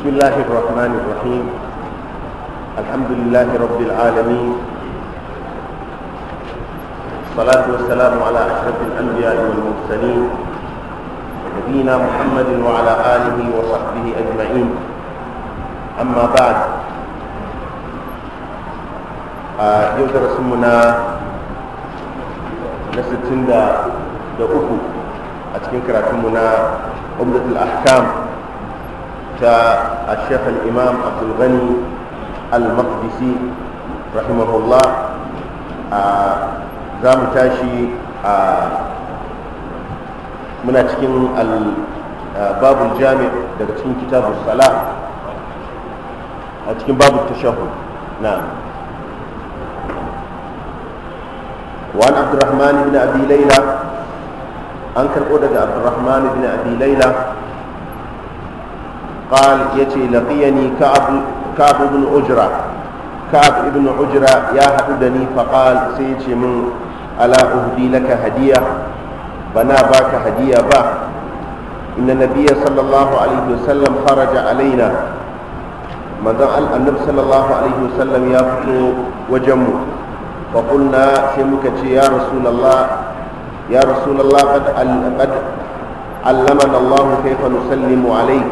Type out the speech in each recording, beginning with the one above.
بسم الله الرحمن الرحيم الحمد لله رب العالمين الصلاة والسلام على أشرف الأنبياء والمرسلين نبينا محمد وعلى آله وصحبه أجمعين أما بعد آه، يوجد رسمنا نستن دا أكو أتكن كراتمنا عمدة الأحكام الشيخ الإمام عبد الغني المقدسي رحمه الله زام تاشي من أتكين باب الجامع دكتين كتاب الصلاة أتكين باب التشهد نعم وعن عبد الرحمن بن أبي ليلى أنكر أودة عبد الرحمن بن أبي ليلى قال يتي لقيني كعب كعب بن أجرة كعب بن أجرة يا حددني فقال سيتي من ألا أهدي لك هدية بنا باك هدية با إن النبي صلى الله عليه وسلم خرج علينا مدعى النبي صلى الله عليه وسلم يفتو وجمه فقلنا سمكة يا رسول الله يا رسول الله قد علمنا الله كيف نسلم عليك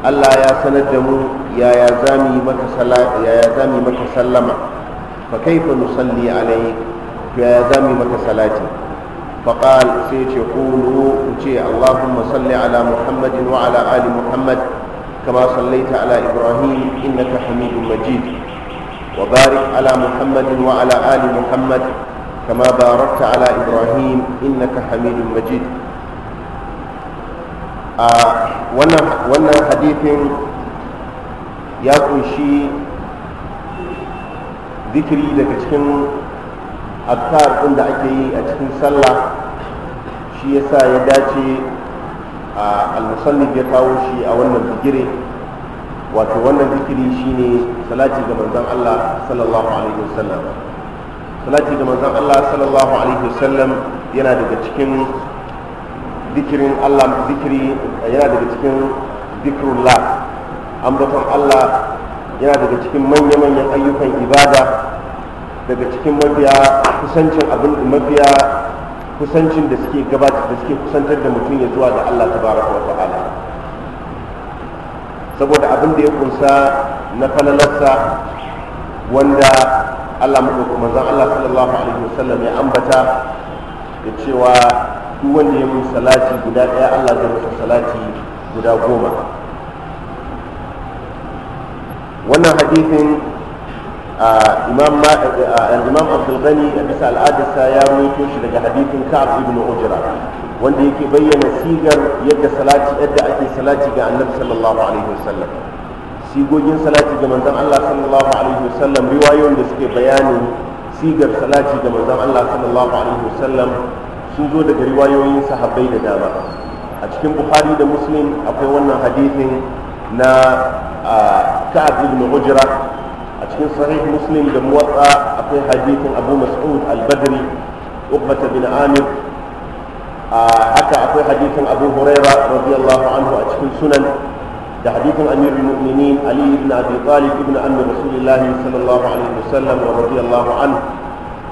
Allah يا sanar يا يا yaya za mu يا maka sallama fa kaifa nusalli alayhi yaya za mu yi maka salati فقال سيتي يقول وتي اللهم صل على محمد وعلى آل محمد كما صليت على إبراهيم إنك حميد مجيد وبارك على محمد وعلى آل محمد كما باركت على إبراهيم إنك حميد مجيد a wannan hadithin ya kunshi zikiri daga cikin abtar ɗin da ake yi a cikin sallah shi yasa ya dace a almusallif ya kawo shi a wannan bigire wato wannan zikiri shine salati ga manzon Allah sallallahu alaihi wasallam salati ga manzon Allah sallallahu alaihi wasallam yana daga cikin dikirin Allah zikiri yana daga cikin zikrullah ambaton Allah yana daga cikin manya-manyan ayyukan ibada daga cikin mafiya kusancin abin mafiya kusancin da suke gabatar da suke kusantar da mutum ya zuwa da Allah tabaraka wa ta'ala saboda abin da ya kunsa na falalarsa wanda Allah mutum manzon Allah sallallahu alaihi wasallam ya ambata da cewa duk wanda ya mun salati guda ɗaya Allah zai masa salati guda goma wannan hadithin imam imam Abdul Ghani a bisa al'adarsa ya rawaito shi daga hadithin Ka'ab ibn Ujra wanda yake bayyana sigar yadda salati yadda ake salati ga Annabi sallallahu alaihi wasallam sigogin salati ga manzon Allah sallallahu alaihi wasallam riwayoyin da suke bayanin sigar salati ga manzon Allah sallallahu alaihi wasallam sun zo daga riwayoyin sahabbai da dama a cikin bukhari da muslim akwai wannan hadithin na ka'ab ibn ujra a cikin sahih muslim da muwatta akwai hadithin abu mas'ud al-badri uqbata bin amir haka akwai hadithin abu huraira radiyallahu anhu a cikin sunan da hadithin amir mu'minin ali ibn abi talib ibn amir rasulillahi sallallahu alaihi wasallam wa radiyallahu anhu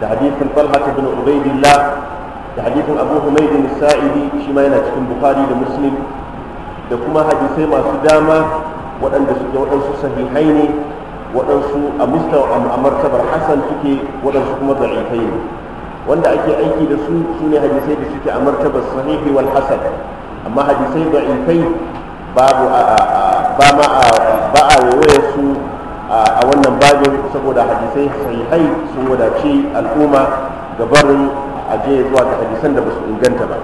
da hadithin talha ibn ubaidillah da hadithin abu humaydin sa'idi shi ma yana cikin bukhari da muslim da kuma hadisai masu dama waɗanda suke waɗansu sahihai ne waɗansu a mustawa a martabar hasan suke waɗansu kuma da'ifai ne wanda ake aiki da su su ne hadisai da suke a martabar sahihi wal hasan amma hadisai da'ifai babu ba ma ba a waye su a wannan babin saboda hadisai sahihai sun wadace al'umma ga barin a je zuwa ga hadisan da ba su inganta ba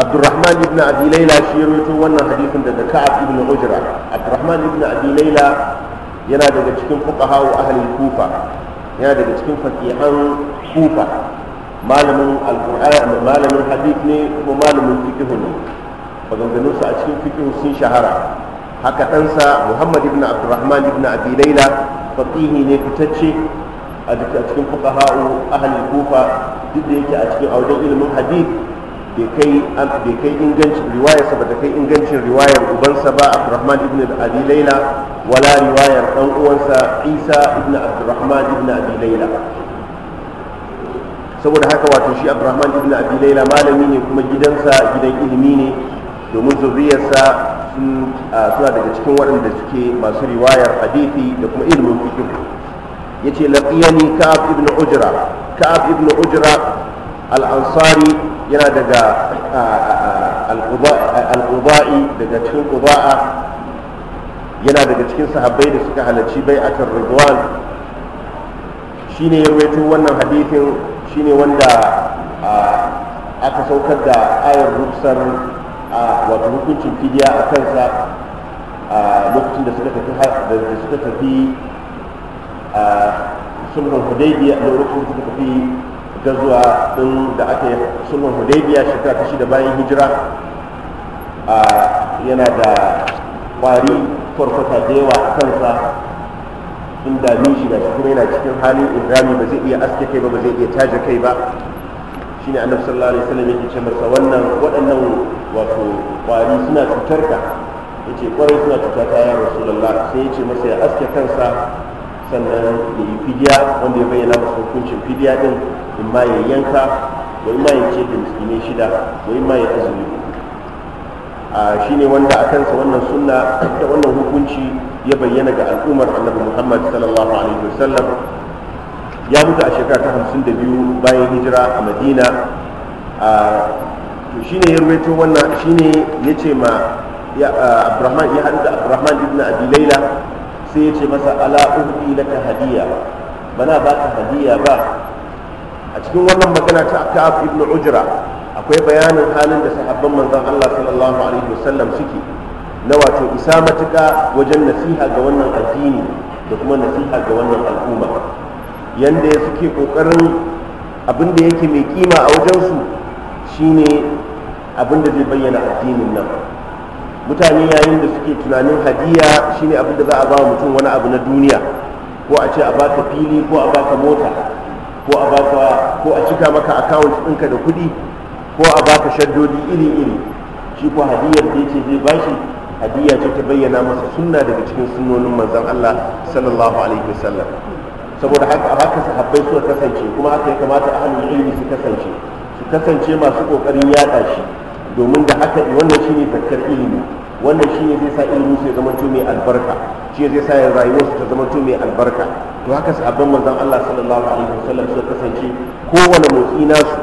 abdurrahman ibn abi laila shi ya rawaito wannan hadisin daga ka'ab ibn ujra abdurrahman ibn abi laila yana daga cikin fuqaha wa ahli kufa yana daga cikin faqihan kufa malamin alqur'ani malamin hadith ne kuma malamin fiqh ne maganganun sa a cikin fiqh sun shahara haka ɗansa muhammad ibn abdurrahman ibn abi laila faqihi ne fitacce a cikin fuqaha'u ahlul kufa duk da yake a cikin auren ilimin hadith bai kai bai kai ingancin riwayar sa bata kai ingancin riwayar ubansa ba Abdurrahman ibn Abi Layla wala riwayar dan uwansa Isa ibn Abdurrahman ibn Abi Layla saboda haka wato shi Abdurrahman ibn Abi Layla malami ne kuma gidansa gidan ilimi ne domin zuriyarsa sun suna daga cikin waɗanda suke masu riwayar hadithi da kuma ilimin fiqh yace laqiyani ka'ab ibn ujra ka'ab ibn ujra al'ansari yana daga al'uba'i daga cikin ƙuba'a yana daga cikin sahabbai da suka halarci bai a ridwan shine ya wannan hadithin shine wanda aka saukar da ayar rufsar a wato hukuncin fidiya a kansa a lokacin da suka tafi da suka tafi a sulhun hudaybiya da lokacin suka tafi zuwa din da aka yi sulhun hudaybiya shekara ta shida bayan hijira a yana da kwari farfata da yawa a kansa inda nishi da shi kuma yana cikin halin idrami ba zai iya aske kai ba ba zai iya taje kai ba shine annabi sallallahu alaihi wasallam yake ce masa wannan waɗannan wato kwari suna cutar ka yace ƙwarai suna cutar ta ya rasulullah sai yace masa ya aske kansa sannan ya yi fidiya wanda ya bayyana masa hukuncin fidiya din in ma ya yanka wa in ma ya ce da ne shida wa in ma ya azumi a shine wanda a kansa wannan sunna da wannan hukunci ya bayyana ga al'ummar annabi muhammad sallallahu alaihi wasallam ya mutu a shekara ta hamsin da biyu bayan hijira a madina to shine ya rubeto wannan shine ya ce ma abrahman ya haɗu da abrahman ibn abi laila sai ya ce masa ala uhdi laka hadiya baka hadiya ba a cikin wannan magana ta ka'ab ibn ujra akwai bayanin halin da sahabban manzon Allah sallallahu alaihi wasallam suke na wato isa matuƙa wajen nasiha ga wannan addini da kuma nasiha ga wannan al'umma yanda suke kokarin abin da yake mai kima a wajensu shine abin da zai bayyana addinin nan mutane yayin da suke tunanin hadiya shine abin da za a ba mutum wani abu na duniya ko a ce a baka fili ko a baka mota ko a baka ko a cika maka account ɗinka da kuɗi ko a baka shaddodi iri-iri shi ko hadiyar da yake zai bashi hadiya ce ta bayyana masa sunna daga cikin sunnonin manzon Allah sallallahu alaihi wasallam saboda haka a haka sahabbai suka kasance kuma haka yi kamata ahlul ilimi su kasance su kasance masu kokarin yada shi domin da haka wannan shine zakkar ilimi wannan shine zai sa ilimi su ya zama mai albarka shi zai sa rayuwar su ta zama mai albarka to haka sahabban manzon Allah sallallahu alaihi wasallam suka kasance kowane motsi nasu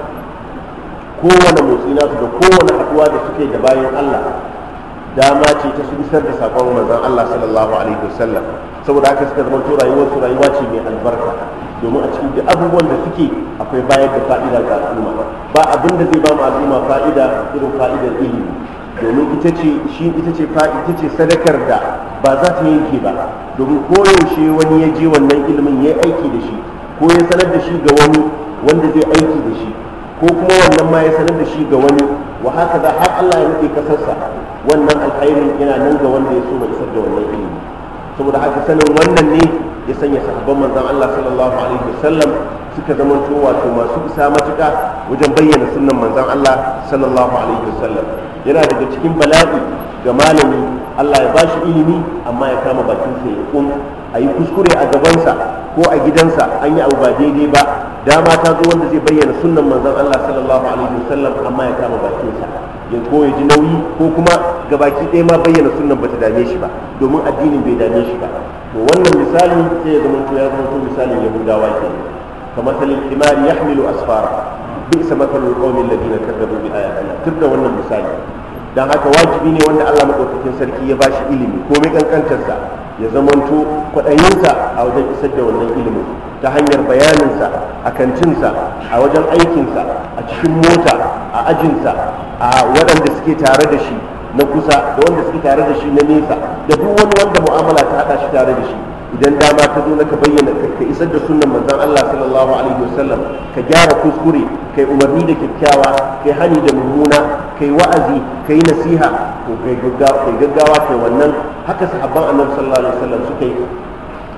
kowane motsi nasu da kowane haduwa da suke da bayan Allah dama ce ta su isar da sakon manzon Allah sallallahu alaihi wasallam saboda haka suka zama to rayuwar rayuwa ce mai albarka domin a cikin duk abubuwan da suke akwai bayar da fa'ida ga al'umma ba abin da zai ba mu al'umma fa'ida irin fa'idar ilimi domin ita ce shi ita ce ita ce sadakar da ba za ta yanke ba domin koyaushe wani ya je wannan ilimin ya aiki da shi ko ya sanar da shi ga wani wanda zai aiki da shi ko kuma wannan ma ya sanar da shi ga wani wa haka za har Allah ya rufe kasarsa wannan alkhairin yana nan ga wanda ya so ya isar da wannan ilimi saboda ake sanin wannan ne ya sanya sahabban manzan Allah sallallahu alaihi wasallam suka zamanto wato masu isa matuƙa wajen bayyana sunnan manzon Allah sallallahu alaihi wasallam yana daga cikin bala'i ga malami Allah ya bashi ilimi amma ya kama bakin sa ya kun a yi kuskure a gabansa ko a gidansa an yi abu ba daidai ba dama ta zo wanda zai bayyana sunnan manzan Allah sallallahu alaihi wasallam amma ya kama bakin sa ya ko ya ji nauyi ko kuma gabaki ɗaya ma bayyana sunan bata dame shi ba domin addinin bai dame shi ba to wannan misali sai ya zamanto ya zamanto misalin yahudawa ke kamar kimari ya hamilu asfara bisa matalul qaumin ladina a bi tun da wannan misali dan haka wajibi ne wanda Allah maɗaukakin sarki ya bashi ilimi ko mai ƙanƙantarsa ya zamanto kwaɗayinsa a wajen isar da wannan ilimin ta hanyar bayaninsa a kantinsa a wajen aikinsa a cikin mota a ajinsa a waɗanda suke tare da shi na kusa da wanda suke tare da shi na nesa da duk wani wanda mu'amala ta haɗa shi tare da shi idan dama ta zo ka bayyana ka isar da sunan manzon Allah sallallahu alaihi wasallam ka gyara kuskure kai umarni da kyakkyawa kai hani da mummuna kai wa'azi kai nasiha ko kai gaggawa kai wannan haka sahabban annabi sallallahu alaihi wasallam suka yi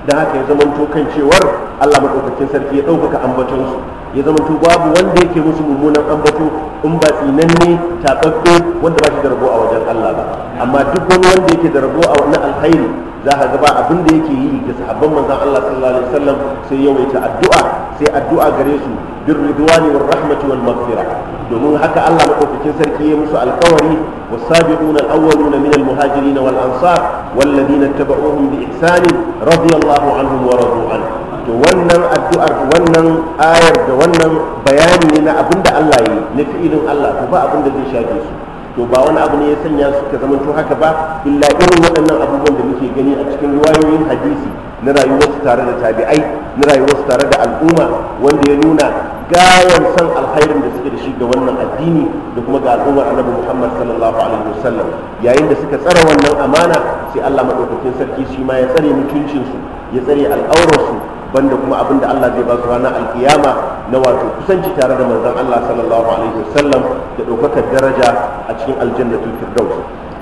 da haka ya zamanto kan cewar Allah maɗaukakin sarki ya ɗaukaka ambatonsu ya zama to babu wanda yake musu mummunan ambato in ba tsinanne tababbe wanda ba shi da rabo a wajen Allah ba amma duk wani wanda yake da rabo a wannan alkhairi za ka gaba abin da yake yi ga sahabban manzon Allah sallallahu alaihi wasallam sai yawaita addu'a sai addu'a gare su bir ridwani war rahmati wal maghfira domin haka Allah madaukakin sarki ya musu alkawari والسابقون الأولون من wal والأنصار والذين bi بإحسان رضي الله عنهم wa عنه to wannan addu'ar wannan ayar da wannan bayani ne na abinda Allah yi na fi'ilin Allah to ba abinda zai shafe su to ba wani abu ne ya sanya su suka zamanto haka ba illa irin waɗannan abubuwan da muke gani a cikin ruwayoyin hadisi na rayuwarsu tare da tabi'ai na rayuwarsu tare da al'umma wanda ya nuna gayan san alkhairin da suke da shi ga wannan addini da kuma ga al'ummar annabi muhammad sallallahu alaihi wasallam yayin da suka tsara wannan amana sai allah maɗaukakin sarki shi ma ya tsare mutuncinsu ya tsare al'aurarsu banda kuma abin da Allah zai ba su ranar alkiyama na wato kusanci tare da manzon Allah sallallahu alaihi wasallam da ɗaukakar daraja a cikin aljannatul firdaus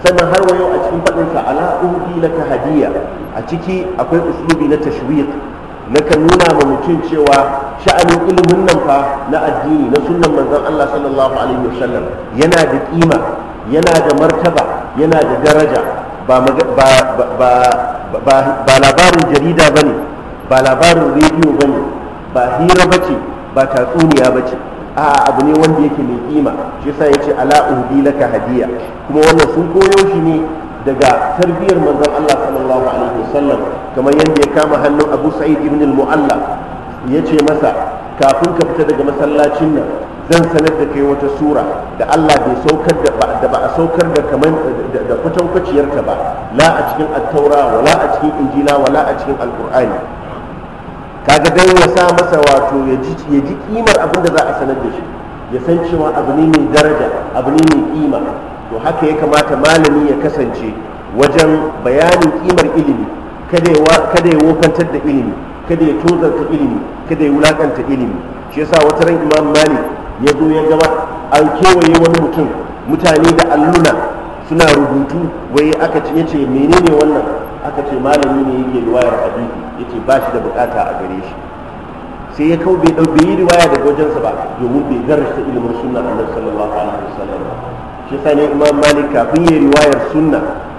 sannan har wayo a cikin faɗin sa ala uhdi laka hadiya a ciki akwai uslubi na tashwiq na kan nuna ma mutum cewa sha'anin ilimin nan fa na addini na sunnan manzon Allah sallallahu alaihi wasallam yana da kima yana da martaba yana da daraja ba labarin jarida ba ne ba labarin rediyo ba ne ba hira ba ce ba tatsuniya ba ce a abu ne wanda yake mai kima shi yasa ya ce ala uhdi laka hadiya kuma wannan sun koyo shi ne daga tarbiyyar manzon Allah sallallahu alaihi wasallam kamar yadda ya kama hannun Abu Sa'id ibn al-Mu'alla ya ce masa kafin ka fita daga masallacin nan zan sanar da kai wata sura da Allah bai saukar da ba da ba a saukar da kaman da kwatankwaciyarta ba la a cikin at-taura wala a cikin injila wala a cikin alqur'ani kaga dan ya sa masa wato ya ji ya kimar abin da za a sanar da shi ya san cewa abu ne mai daraja abu ne mai kima to haka ya kamata malami ya kasance wajen bayanin kimar ilimi kada ya wofantar da ilimi kada ya tozarta ilimi kada ya wulakanta ilimi shi yasa wata ran imam malik ya zo ya gama an kewaye wani mutum mutane da alluna suna rubutu wai aka ce yace menene wannan aka ce malami ne yake riwayar hadisi yace ba shi da bukata a gare shi sai ya kau bai dauke yi riwaya da wajensa ba domin bai garrasta ilimin sunna annabi sallallahu alaihi wasallam shi yasa ne imam malik kafin ya riwayar sunna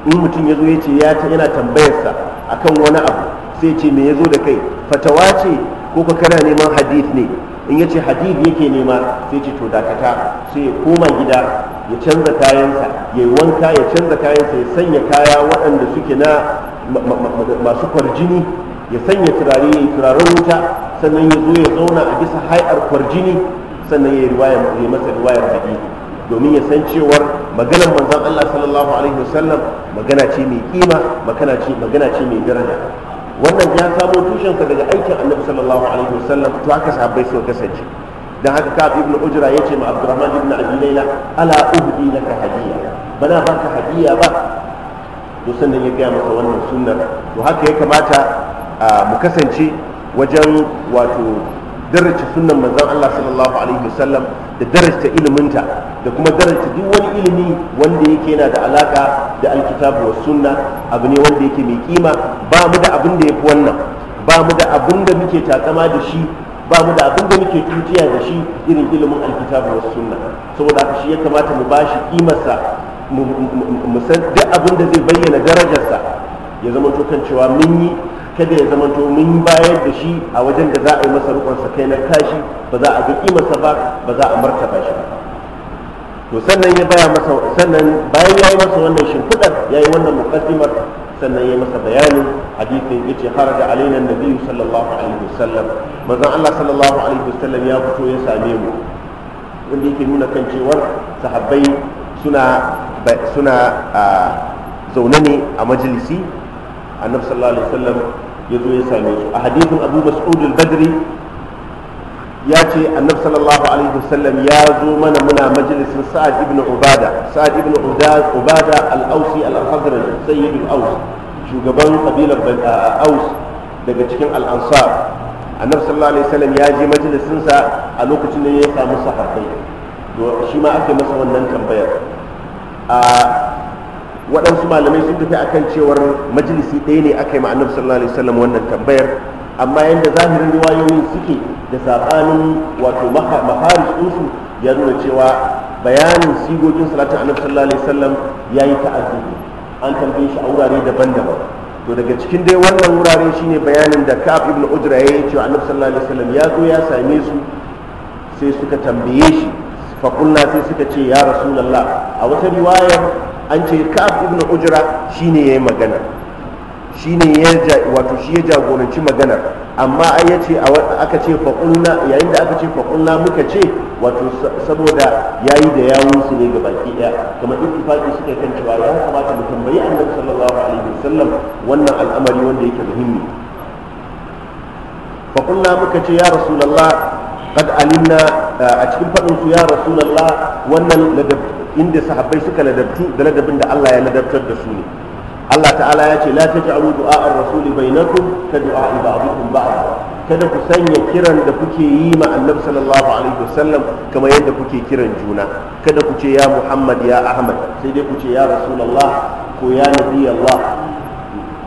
in mutum ya zo ya ce ta yana tambayarsa akan wani abu sai ce me ya zo da kai fatawa ce ko ka kana neman hadith ne in yace hadid yake nema sai ce to dakata sai ya koma gida ya canza kayansa ya yi wanka ya canza kayansa ya sanya kaya waɗanda suke na masu kwarjini ya sanya turare ya yi turaren wuta sannan ya zo ya zauna a bisa hai'ar kwarjini sannan ya yi masa riwayar hadidi domin ya san cewar maganar manzon Allah sallallahu alaihi wasallam magana ce mai kima magana ce mai daraja wannan ya samo tushensa daga aikin annabi sallallahu alaihi wasallam to haka sahabbai suka kasance dan haka ka ibn ujra yace ma abdurrahman ibn abi layla ala uhdi laka hadiya bana baka hadiya ba to sannan ya gaya masa wannan sunnar to haka ya kamata mu kasance wajen wato daraja sunan manzon Allah sallallahu alaihi wasallam da daraja iliminta da kuma daraja duk wani ilimi wanda yake yana da alaka da alkitabu was sunna abu ne wanda yake mai kima ba mu da abin da yafi wannan ba mu da abin da muke takama da shi ba mu da abin da muke tutiya da shi irin ilimin alkitabu was sunna saboda haka shi ya kamata mu bashi kimarsa mu san duk abin da zai bayyana darajarsa ya zama to kan cewa mun yi kada ya zama to mun bayar da shi a wajen da za a yi masa rukunsa kai na kashi ba za a ga kimarsa ba ba za a martaba shi ba to sannan ya baya masa sannan bayan ya yi masa wannan shimfiɗar ya yi wannan muqaddimar sannan ya masa bayanin hadisin yace da alaina nabiyyu sallallahu alaihi wasallam manzon Allah sallallahu alaihi wasallam ya fito ya same mu wanda yake nuna kan cewar sahabbai suna suna ah, zaune ne a majalisi annabi sallallahu alaihi wasallam ya zo ya same su a hadithin abu mas'ud al-badri ya ce annabi sallallahu alaihi wasallam ya zo mana muna majalisin sa'ad ibn ubada sa'ad ibn ubada al-ausi al-khazraj sayyid al-aus shugaban kabilar aus daga cikin al-ansar annabi sallallahu alaihi wasallam ya je majalisin sa a lokacin da ya samu sahabbai to shi ma aka masa wannan tambayar a waɗansu malamai sun tafi akan cewar majalisi ɗaya ne aka yi ma'anar sallallahu alaihi wasallam wannan tambayar amma yadda zahirin riwayoyin suke da sabanin wato mafaris ɗinsu ya nuna cewa bayanin sigogin salatin annabi sallallahu alaihi wasallam ya yi ta'azzuri an tambaye shi a wurare daban-daban to daga cikin dai wannan wurare shine bayanin da ka'ab ibn ujra ya yi cewa annabi sallallahu alaihi wasallam ya zo ya same su sai suka tambaye shi fa sai suka ce ya rasulullah a wata riwayar an ce ka'ab ibn ujra shine yayi magana shine ya wato shi ya jagoranci magana amma ai yace aka ce faqulna yayin da aka ce faqulna muka ce wato saboda yayi da yawun su ne baki daya kamar ittifaqi suke kan cewa ya kamata mu tambayi annabi sallallahu alaihi wasallam wannan al'amari wanda yake muhimmi faqulna muka ce ya rasulullah qad alimna a cikin fadin su ya rasulullah wannan inda sahabbai suka ladabtu da ladabin da Allah ya ladabtar da su ne Allah ta'ala ya ce la taj'alu du'a ar rasuli bainakum ka du'a ba'dikum ba'd kada ku sanya kiran da kuke yi ma annabi sallallahu alaihi wasallam kamar yadda kuke kiran juna kada ku ce ya Muhammad ya Ahmad sai dai ku ce ya Rasulullah ko ya Nabi Allah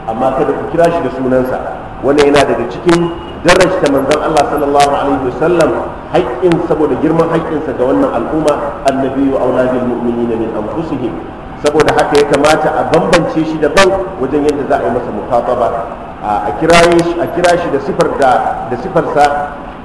amma kada ku kira shi da sunansa wannan yana daga cikin darajta manzon Allah sallallahu alaihi wasallam haƙƙin saboda girman haƙƙinsa ga wannan al'umma annabiyyu auladil na min anfusihim saboda haka ya kamata a bambance shi daban wajen yadda za a yi masa mufataba a kira shi da sifar da da sifarsa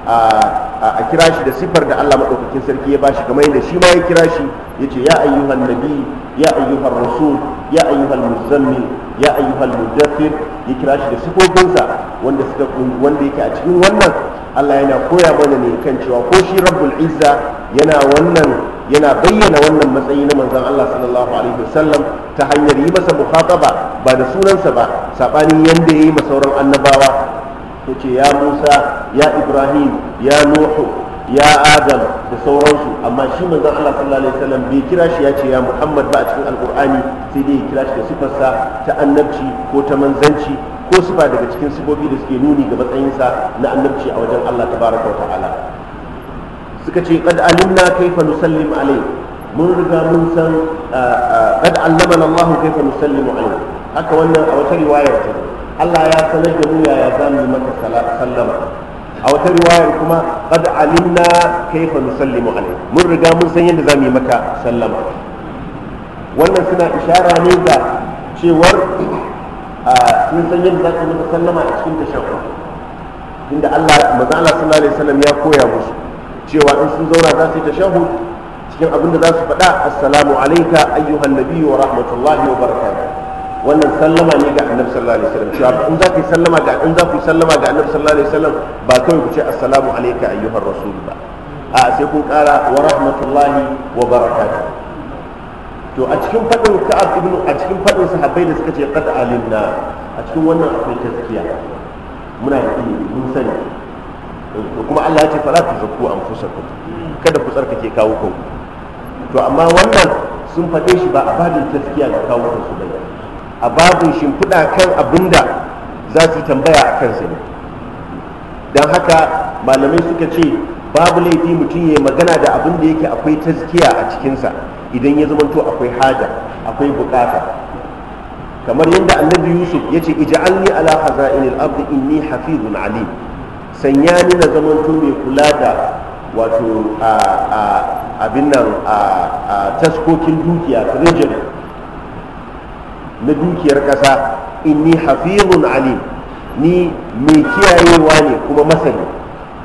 a kira shi da siffar da Allah maɗaukakin sarki ya bashi kamar yadda shi ma ya kira shi ya ce ya ayyuhan nabi ya ayyuhan rasul ya ayyuhan muzammil ya ayyuhan mudaffir ya kira shi da sifofinsa wanda suka wanda yake a cikin wannan Allah yana koya mana ne kan cewa ko shi rabbul izza yana wannan yana bayyana wannan matsayi na manzon Allah sallallahu alaihi wasallam ta hanyar yi masa mukhataba ba da sunansa ba sabanin yanda yayi masauran annabawa ta ce ya musa ya ibrahim ya nuhu ya adam da sauransu amma shi manzon allah sallallahu alaihi wasallam bai kira shi ya ce ya muhammad ba a cikin alkur'ani sai dai ya kira shi da sifarsa ta annabci ko ta manzanci ko sifa daga cikin sifofi da suke nuni ga matsayinsa na annabci a wajen allah tabaraka wa ta'ala suka ce qad alimna kaifa nusallim alayhi mun riga mun san ah, ah, qad allamana allah kaifa nusallimu alayhi haka wannan a wata riwayar ta Allah ya sanar da mu ya za mu yi maka sallama a wata riwayar kuma qad alimna kayfa nusallimu alayk mun riga mun san yadda za mu yi maka sallama wannan suna ishara ne da cewar sun san yadda za ka yi maka sallama a cikin tashahhud inda Allah manzo Allah sallallahu alaihi wasallam ya koya musu cewa in sun zauna za su yi tashahud cikin abin da za su faɗa assalamu alayka ayyuhan nabiyyu wa rahmatullahi wa barakatuh wannan sallama ne ga annabi sallallahu alaihi wasallam cewa in za ku sallama ga in za ku sallama ga annabi sallallahu alaihi wasallam ba kawai ku ce assalamu alayka ayyuhar rasul ba a sai kun kara wa rahmatullahi wa barakatuh to a cikin fadin ka'ab ibnu a cikin fadin sahabbai da suka ce qad alimna a cikin wannan akwai taskiya muna yi ilimi mun sani kuma Allah ya ce fala tuzakku anfusakum kada ku tsarkake kawo kanku to amma wannan sun faɗe shi ba a babin taskiya ga kawo kansu ba a babin shimfiɗa kan abin da za su tambaya a kansa ne don haka malamai suka ce babu laifi mutum ya magana da abin da yake akwai taskiya a cikinsa idan ya zamanto akwai haja akwai bukata kamar yadda annabi yusuf ya ce ija'alni ala khaza'inil ardi inni hafizun alim sanya ni na zamanto mai kula da wato abin nan a taskokin dukiya treasury na dukiyar ƙasa inni hafizun alim ni mai kiyayewa ne kuma masani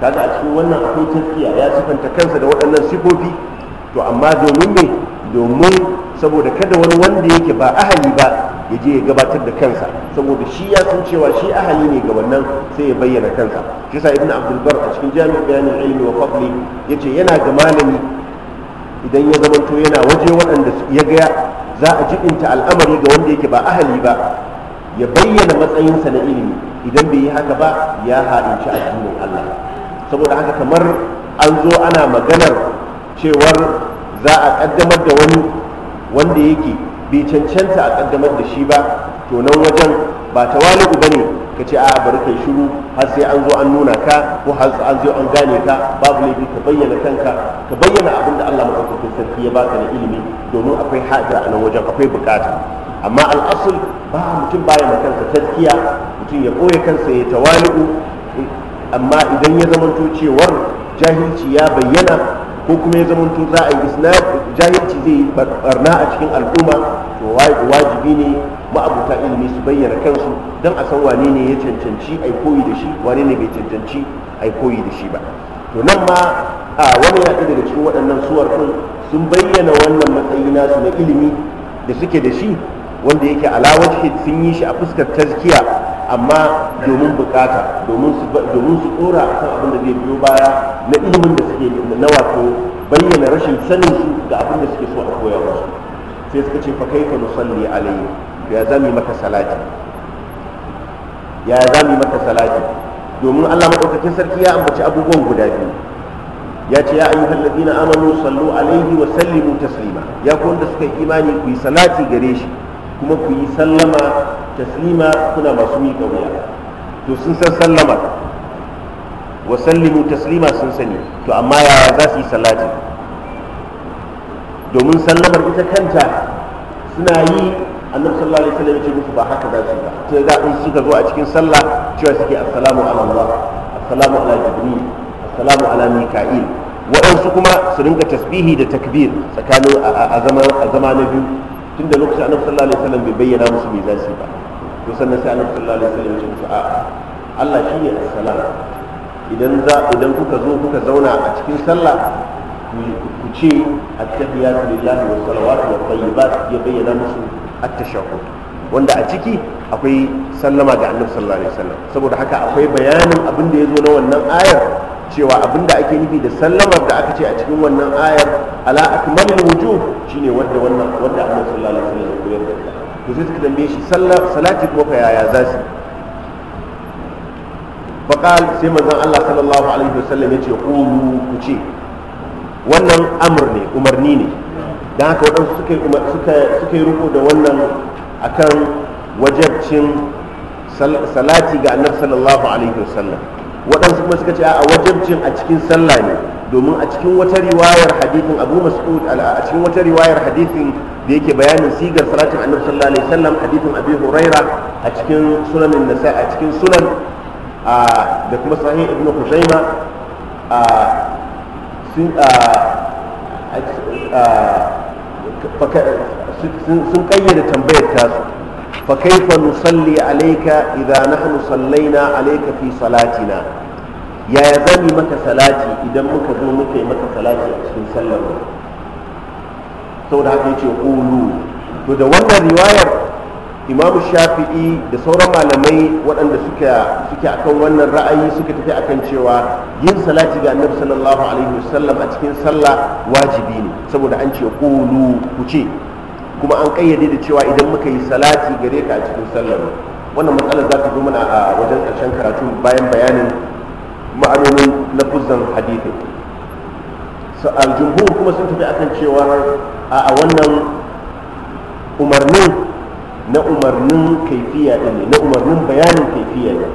kaga a cikin wannan akwai tafiya ya sifanta kansa da waɗannan sifofi to amma domin me domin saboda kada wani wanda yake ba ahali ba ya je ya gabatar da kansa saboda shi ya san cewa shi ahali ne ga wannan sai ya bayyana kansa shi sa ibn abdul bar a cikin jami'in bayanin ilmi wa fadli yace yana ga malami idan ya zamanto yana waje waɗanda ya gaya. za a jibinta al'amari ga wanda yake ba ahali ba ya bayyana matsayinsa na ilimi idan bai yi haka ba ya haɗinci addinin Allah saboda haka kamar an zo ana maganar cewar za a ƙaddamar da wani wanda yake bai cancanta a ƙaddamar da shi ba to nan wajen ba tawali'u ba ne ka ce a bari kai shiru har sai an zo an nuna ka ko har an zo an gane ka babu laifi ka bayyana kanka ka bayyana abin da Allah madaukakin sarki ya baka na ilimi domin akwai haja a nan wajen akwai bukata amma al'asul ba mutum baya ma kansa taskiya mutum ya koya kansa ya tawali'u amma idan ya zamanto cewar jahilci ya bayyana ko kuma ya zamanto za a yi islam jahilci zai barna a cikin al'umma to wajibi ne ma'abuta ilimi su bayyana kansu don a san wane ne ya cancanci a koyi da shi wane ne bai cancanci a koyi da shi ba to nan ma a wani yaƙi daga cikin waɗannan suwar ɗin sun bayyana wannan matsayi nasu na ilimi da suke da shi wanda yake alawar sun yi shi a fuskar tazkiya amma domin bukata domin su tsora a kan abin da zai biyo baya na ilimin da suke na wato bayyana rashin sanin su ga abin da suke so a koya wasu sai suka ce fa kaifa nusalli alayhi ya zami maka salati ya zami maka salati domin Allah madaukakin sarki ya ambaci abubuwan guda biyu ya ce ya ayyuhal ladina amanu sallu alayhi wa sallimu taslima ya kun wanda suka imani ku yi salati gare shi kuma ku yi sallama taslima suna masu miƙa wuya to sun san sallama wa sallimu taslima sun sani to amma yaya za su yi salati domin sallamar ita kanta suna yi annabi sallallahu alaihi wasallam ce musu ba haka za su yi ba sai za in suka zo a cikin sallah cewa suke assalamu ala Allah assalamu ala jibril assalamu ala mika'il waɗansu kuma su rinka tasbihi da takbir tsakanin a zama na biyu tunda lokacin annabi sallallahu alaihi wasallam bai bayyana musu me za su yi ba to na sai annabi sallallahu alaihi wasallam ce musu a'a Allah shi as-salam idan za idan kuka zo kuka zauna a cikin sallah ku ce at-tahiyatu lillahi wa salawatu wa tayyibat ya bayyana musu at-tashahhud wanda a ciki akwai sallama ga annabi sallallahu alaihi wasallam saboda haka akwai bayanin abin da ya zo na wannan ayar cewa abin da ake nufi da sallamar da aka ce a cikin wannan ayar ala akmalul wujub shine wanda wannan wanda annabi sallallahu alaihi wasallam ya koyar da to sai suka tambaye shi salati ko ka yaya za su faqal sai manzon Allah sallallahu alaihi wasallam yace qulu ku ce wannan amr ne umarni ne dan haka wadansu suka suka suka yi da wannan akan wajabcin salati ga annabi sallallahu alaihi wasallam wadansu kuma suka ce a wajabcin a cikin sallah ne domin a cikin wata riwayar hadithin abu mas'ud a cikin wata riwayar hadithin da yake bayanin sigar salatin annabi sallallahu alaihi wasallam hadithin abi huraira a cikin sunanin nasa a cikin sunan da kuma sahih ibnu khuzaima sun kayyade tambayar ta fa kaifa nusalli alayka idza nahnu sallaina alayka fi salatina yaya za mu maka salati idan muka zo muka yi maka salati a cikin sallar mu saboda haka yace qulu to da wannan riwayar imamu shafi'i da sauran malamai waɗanda suka suke akan wannan ra'ayi suka tafi akan cewa yin salati ga annabi sallallahu alaihi wasallam a cikin sallah wajibi ne saboda an ce qulu ku ce kuma an kayyade da cewa idan muka yi salati gare ka a cikin sallar wannan matsalar za ta zo mana a wajen ƙarshen karatu bayan bayanin ma'anonin lafuzan hadithin su aljumhur kuma sun tafi akan cewa a wannan umarnin na umarnin kaifiya ne na umarnin bayanin kaifiya ne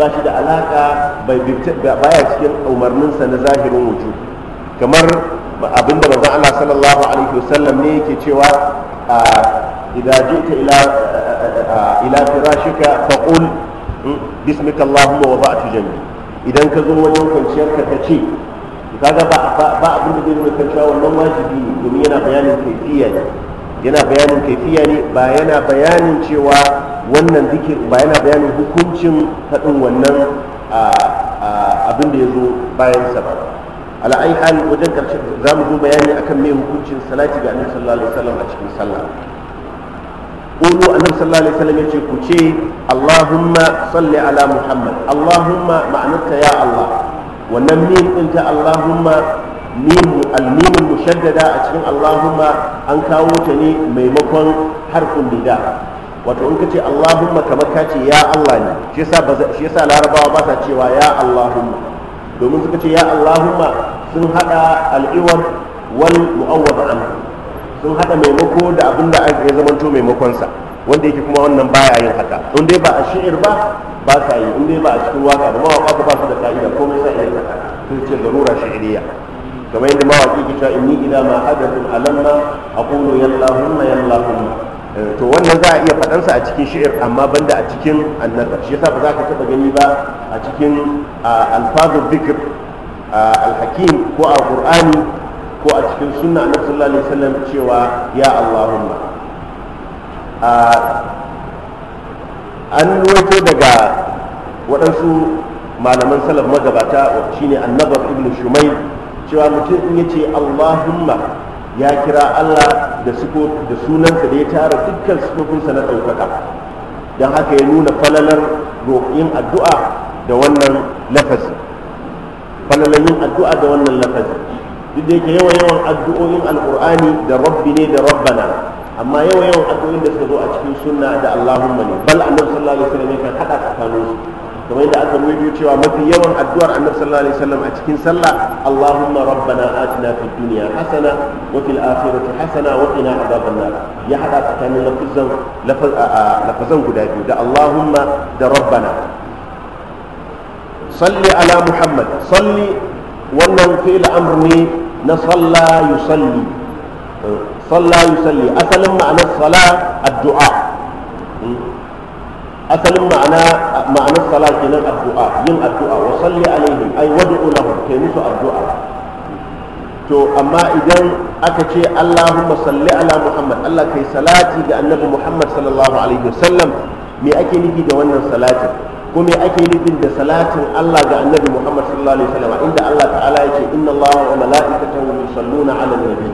ba shi da alaka baya cikin umarninsa na zahirin wuju kamar abin da manzon Allah sallallahu alaihi wasallam ne yake cewa a jita ila ila firashika faqul hmm, bismika allahumma wa ba'tu jannati idan ka zo wajen kwanciyar ka ta ce kaga ba ba abin da zai nuna cewa wannan wajibi ne domin yana bayanin kaifiya ne yana bayanin kaifiya ne ba yana bayanin cewa wannan zikir ba yana bayanin hukuncin faɗin wannan abin da ya zo bayan sa ba ala'ai hal wajen karshe za mu zo bayani akan mai hukuncin salati ga annabi sallallahu alaihi wasallam a cikin sallah قولوا أن صلى الله عليه وسلم يقول اللهم صل على محمد اللهم معناتها يا الله ونميم أنت اللهم ميم الميم المشددة أتكلم اللهم أنك أوتني ميمكن حرف النداء wato in ka ce allahumma kamar ka ce ya allah ne shi yasa larabawa ba sa cewa ya allahumma domin suka ce ya allahumma sun haɗa al'iwar wal mu'awwad sun hada maimako da abin da aka zamanto maimakonsa wanda yake kuma wannan baya yin haka in dai ba a shi'ir ba ba sa yi in dai ba a cikin waka ba mawaka ba su da ka'ida mai sa iya sun ce zarura shi'iriya kamar yadda mawaki ke cewa inni ila ma hadathu alamma aqulu yallahumma yallahumma eh, to wannan za a iya faɗansa a cikin shi'ir amma banda a cikin annabi shi yasa ba za ka taɓa gani ba a cikin alfazul dhikr al-hakim ko a qur'ani ko a cikin sunna na sallallahu alaihi wasallam cewa ya allahumma an ruwaito daga waɗansu malaman salaf magabata shine annabar ibn Shumai cewa mutum in yace allahumma ya kira allah da da sunansa da ya tara dukkan sifofinsa na ɗaukaka don haka ya nuna falalar roƙin addu'a da wannan lafazi falalar yin addu'a da wannan lafazi duk da yake yawan yawan addu'o'in alqur'ani da rabbi ne da rabbana amma yawan yawan addu'o'in da suka zo a cikin sunna da allahumma ne bal annabi sallallahu alaihi wasallam yakan hada tsakanin su kamar yadda aka rubuto cewa mafi yawan addu'ar annabi sallallahu alaihi wasallam a cikin sallah allahumma rabbana atina fid dunya hasana wa fil akhirati hasana wa qina adhaban nar ya hada tsakanin lafazan lafazan guda biyu da allahumma da rabbana salli ala muhammad salli wannan fi'il amr ne na salla yusalli asalin ma'anar sala addu'a asalin ma'ana ma'anar sala kenan addu'a yin addu'a wa salli alaihim ai wad'u lahum kai musu addu'a to amma idan aka ce Allahumma salli ala Muhammad Allah kai salati ga annabi Muhammad sallallahu alaihi wasallam me ake nufi da wannan salatin ko me ake nufin da salatin Allah ga annabi Muhammad sallallahu alaihi wasallam inda Allah ta'ala yake inna Allah wa mala'ikatahu yusalluna 'alan nabi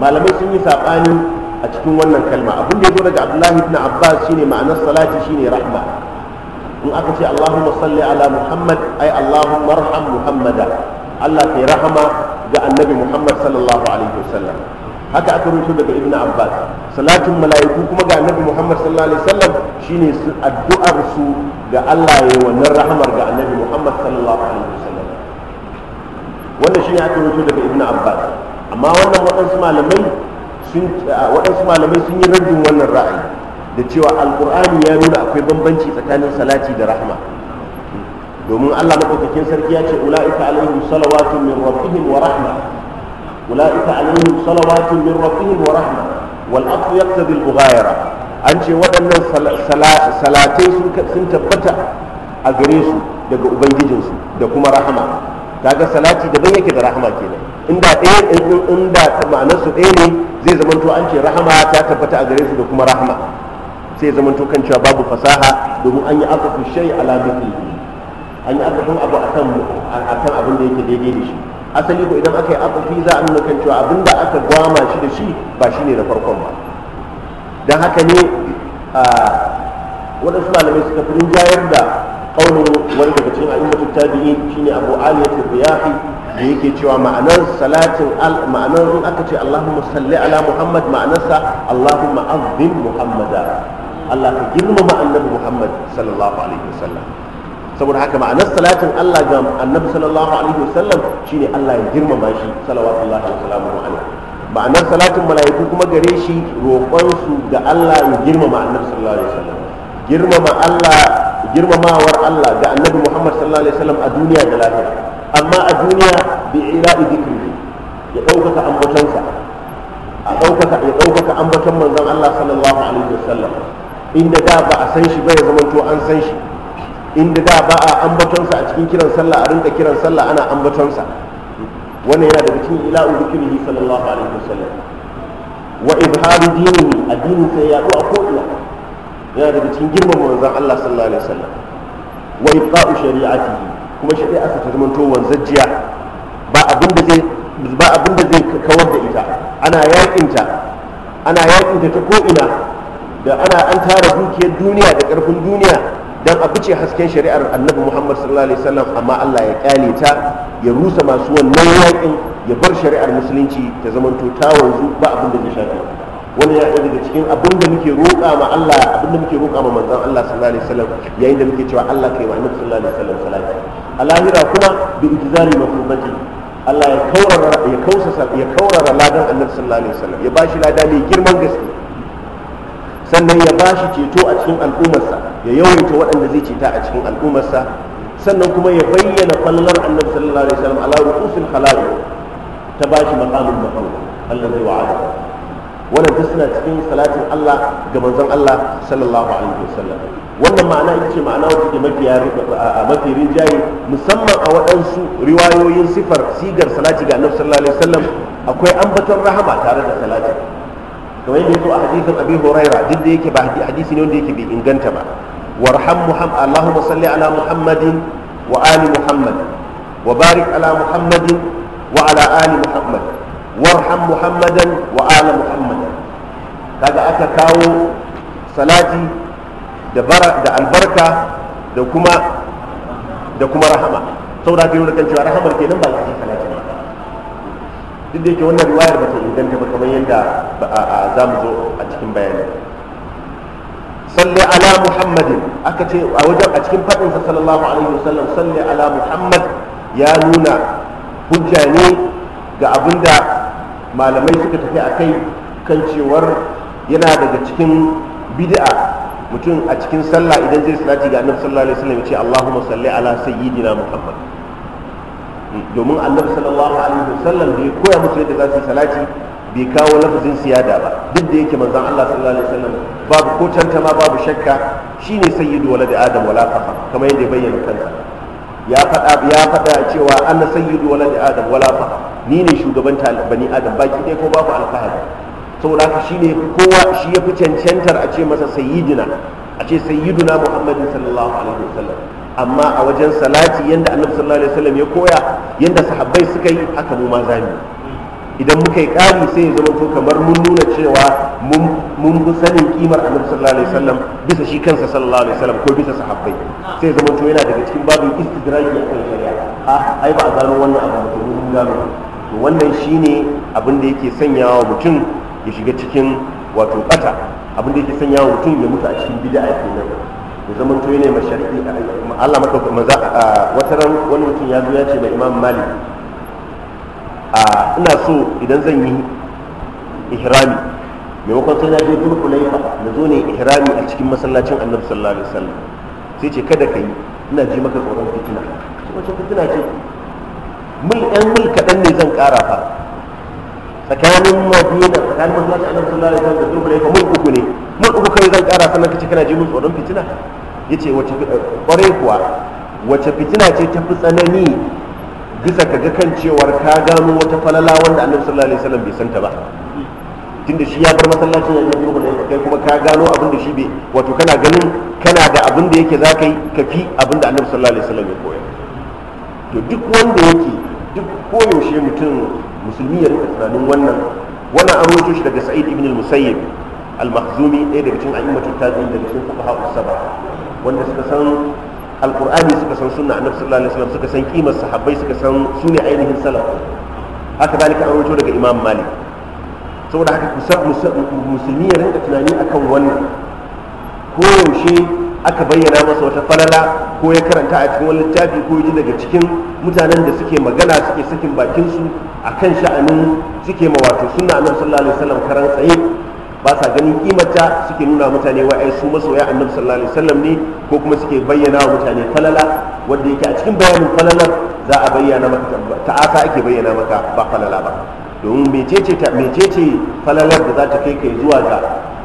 malamai sun yi sabani a cikin wannan kalma abin da ya zo daga Abdullahi ibn Abbas shine ma'anar salati shine rahma in aka ce Allahumma salli ala Muhammad ay Allahumma arham Muhammada Allah kai rahama ga annabi Muhammad sallallahu alaihi wasallam haka aka rubuto daga ibn abbas salatin mala'iku kuma ga annabi muhammad sallallahu alaihi wasallam shine addu'ar su ga Allah ya wannan rahamar ga annabi muhammad sallallahu alaihi wasallam wannan shine aka rubuto daga ibn abbas amma wannan waɗansu malamai sun waɗansu malamai sun yi rajin wannan ra'ayi da cewa alqur'ani ya nuna akwai bambanci tsakanin salati da rahama domin Allah madaukakin sarki ya ce ula'ika alaihim salawatun min rabbihim wa rahma min rabbihim wa rahma wal ورحمة والأصل al المغايرة an ce waɗannan salatai sun tabbata a gare su daga ubangijin su da kuma rahama kaga salati daban yake da rahama kenan inda ɗaya inda su ɗaya ne zai zamanto an ce rahama ta tabbata a gare su da kuma rahama sai zamanto kan cewa babu fasaha domin an yi aka shai ala an yi aka abu akan abin da yake daidai da shi asali ko idan aka yi atafi za a nuna kan cewa abinda aka gwama shi da shi ba shi ne da farkon ba don haka ne waɗansu malamai suka fi rinjayar da kaunin wani daga cikin al'ummatul tabi'in shine abu aliyat ya fi da yake cewa ma'anar salatin ma'anar in aka ce Allahumma salli ala Muhammad ma'anarsa Allahumma azzim Muhammada Allah ka girmama annabi Muhammad sallallahu alaihi wasallam saboda haka ma'anar salatin Allah ga annabi sallallahu alaihi wasallam shine Allah ya girmama shi salawatullahi wa salamuhu alaihi ma'anar salatin mala'iku kuma gare shi roƙon su ga Allah ya girmama annabi sallallahu alaihi wasallam girmama Allah girmamawar Allah ga annabi Muhammad sallallahu alaihi wasallam a duniya da lahira amma a duniya bi ila'i dhikri ya ɗaukaka ambatansa, a ɗaukaka ya ɗaukaka ambaton manzon Allah sallallahu alaihi wasallam inda da ba a san shi ba ya zamanto an san shi inda da ba a ambatonsa a cikin kiran sallah a rinka kiran sallah ana ambatonsa wannan yana daga cikin ila'u zikrihi sallallahu alaihi wasallam wa izharu dinihi addinin sai ya a ko ina yana daga cikin girman manzon Allah sallallahu alaihi wasallam wa ibqa'u shari'atihi kuma shari'a ta zama to wanzajjiya ba abin da zai ba abin da zai kawar da ita ana yakinta ana yakinta ta ko ina da ana an tara dukiyar duniya da karfin duniya dan a fice hasken shari'ar annabi muhammad sallallahu alaihi wasallam amma allah ya kyale ta ya rusa masu wannan yakin ya bar shari'ar musulunci ta zamanto ta wanzu ba abin da zai shafe wani ya ɗaya daga cikin abin da muke roƙa ma allah abin da muke roƙa ma manzon allah sallallahu alaihi wasallam yayin da muke cewa allah kai ma annabi sallallahu alaihi wasallam salati a lahira kuma bi ijzari mafhumati allah ya kaurara ya kausasa ya kaurara ladan annabi sallallahu alaihi wasallam ya bashi lada mai girman gaske sannan ya ba shi ceto a cikin al'ummarsa ya yawaita waɗanda zai ceta a cikin al'ummarsa sannan kuma ya bayyana fallar annabi sallallahu alaihi wasallam ala rusul halal ta ba shi maqamul maqam Allah zai wa'ada wannan duk suna cikin salatin Allah ga manzon Allah sallallahu alaihi wasallam wannan ma'ana yake ce ma'ana wacce ke mafi rinjaye musamman a waɗansu riwayoyin sifar sigar salati ga annabi sallallahu alaihi wasallam akwai ambaton rahama tare da salati kamar yadda yazo a hadisin abi huraira duk da yake ba hadisi ne wanda yake bai inganta ba warham muhammad allahumma salli ala muhammadin wa ali muhammad wa barik ala muhammadin wa ala ali muhammad warham muhammadan wa ala muhammadan kaga aka kawo salati da da albarka da kuma da kuma rahama saboda kai da kan cewa rahamar kenan ba duk da yake wannan riwayar ba ta inganta ba kamar yadda za mu zo a cikin bayani salli ala muhammadin aka ce a wajen a cikin faɗin sa sallallahu alaihi wasallam salli ala muhammad ya nuna hujja ne ga abinda malamai suka tafi a kai kan cewar yana daga cikin bid'a mutum a cikin sallah idan zai salati ga annabi sallallahu alaihi wasallam ya ce allahumma salli ala sayyidina muhammad domin annabi sallallahu alaihi wasallam da ya koya musu yadda za su yi salati bai kawo lafazin siyada ba duk da yake manzon Allah sallallahu alaihi wasallam babu ko tantama babu shakka shine sayyidu walad adam wala faqa kamar yadda ya bayyana kansa ya faɗa ya faɗa cewa anna sayyidu walad adam wala faqa ni ne shugaban bani adam baki ɗaya ko babu alfahari saboda haka shine kowa shi ya fi cancantar a ce masa sayyidina a ce sayyiduna muhammadin sallallahu alaihi wasallam amma a wajen salati yadda annabi sallallahu alaihi wasallam ya koya yadda sahabbai suka yi haka mu ma zamu idan muka yi kari sai ya zama to kamar mun nuna cewa mun bi sanin kimar annabi sallallahu alaihi wasallam bisa shi kansa sallallahu alaihi wasallam ko bisa sahabbai sai ya zama to yana daga cikin babin istidraji a kan shari'a a ai ba a gano wannan abu ba to mun gano to wannan shine abin da yake sanyawa mutum ya shiga cikin wato kata abin da yake sanyawa mutum ya mutu a cikin bid'a kenan ya zama to ne ma shar'i Allah za a wata ran wani mutum ya zo ya ce mai Imam Malik a ina so idan zan yi ihrami maimakon sai na je dul kulaifa na zo ne ihrami a cikin masallacin Annabi sallallahu alaihi wasallam sai ce kada ka yi ina ji maka tsoron fitina wace fitina ce mul ɗan mul kaɗan ne zan ƙara fa tsakanin da tsakanin masallacin Annabi sallallahu alaihi wasallam da dul kulaifa mul uku ne mun uku kai zan kara sannan kace kana ji mun tsoron fitina yace wace kware eh, kuwa wace fitina ce ta fi tsanani bisa ka ga kan cewar ka gano wata falala wanda annabi sallallahu alaihi wasallam bai santa ba tunda shi ya bar masallacin ya yi ne kai kuma ka gano abin da shi bai wato kana ganin kana da abin da yake zaka yi ka fi abin da annabi sallallahu alaihi wasallam ya koya to duk wanda yake duk koyaushe mutum musulmi ya rika tunanin wannan wannan an shi daga sa'id ibn al-musayyib al-makhzumi ɗaya daga cikin a'immatu tabi'in daga cikin fuqaha usaba wanda suka san alqur'ani suka san sunna annabi sallallahu alaihi wasallam suka san kimar sahabbai suka san su ne ainihin salaf haka dalika an rawaito daga imam malik saboda haka musulmi ya rinka tunani akan wannan koyaushe aka bayyana masa wata falala ko ya karanta a cikin wani littafi ko ji daga cikin mutanen da suke magana suke sakin bakinsu a kan sha'anin suke ma wato sunna annabi sallallahu alaihi wasallam karan tsaye ba sa ganin kimarta suke nuna mutane wa ai su masoya annabi sallallahu alaihi wasallam ne ko kuma suke bayyana wa mutane falala wanda yake a cikin bayanin falalar za a bayyana maka ta'asa ake bayyana maka ba falala ba domin mecece ta mecece falalar da za ta kai kai zuwa ga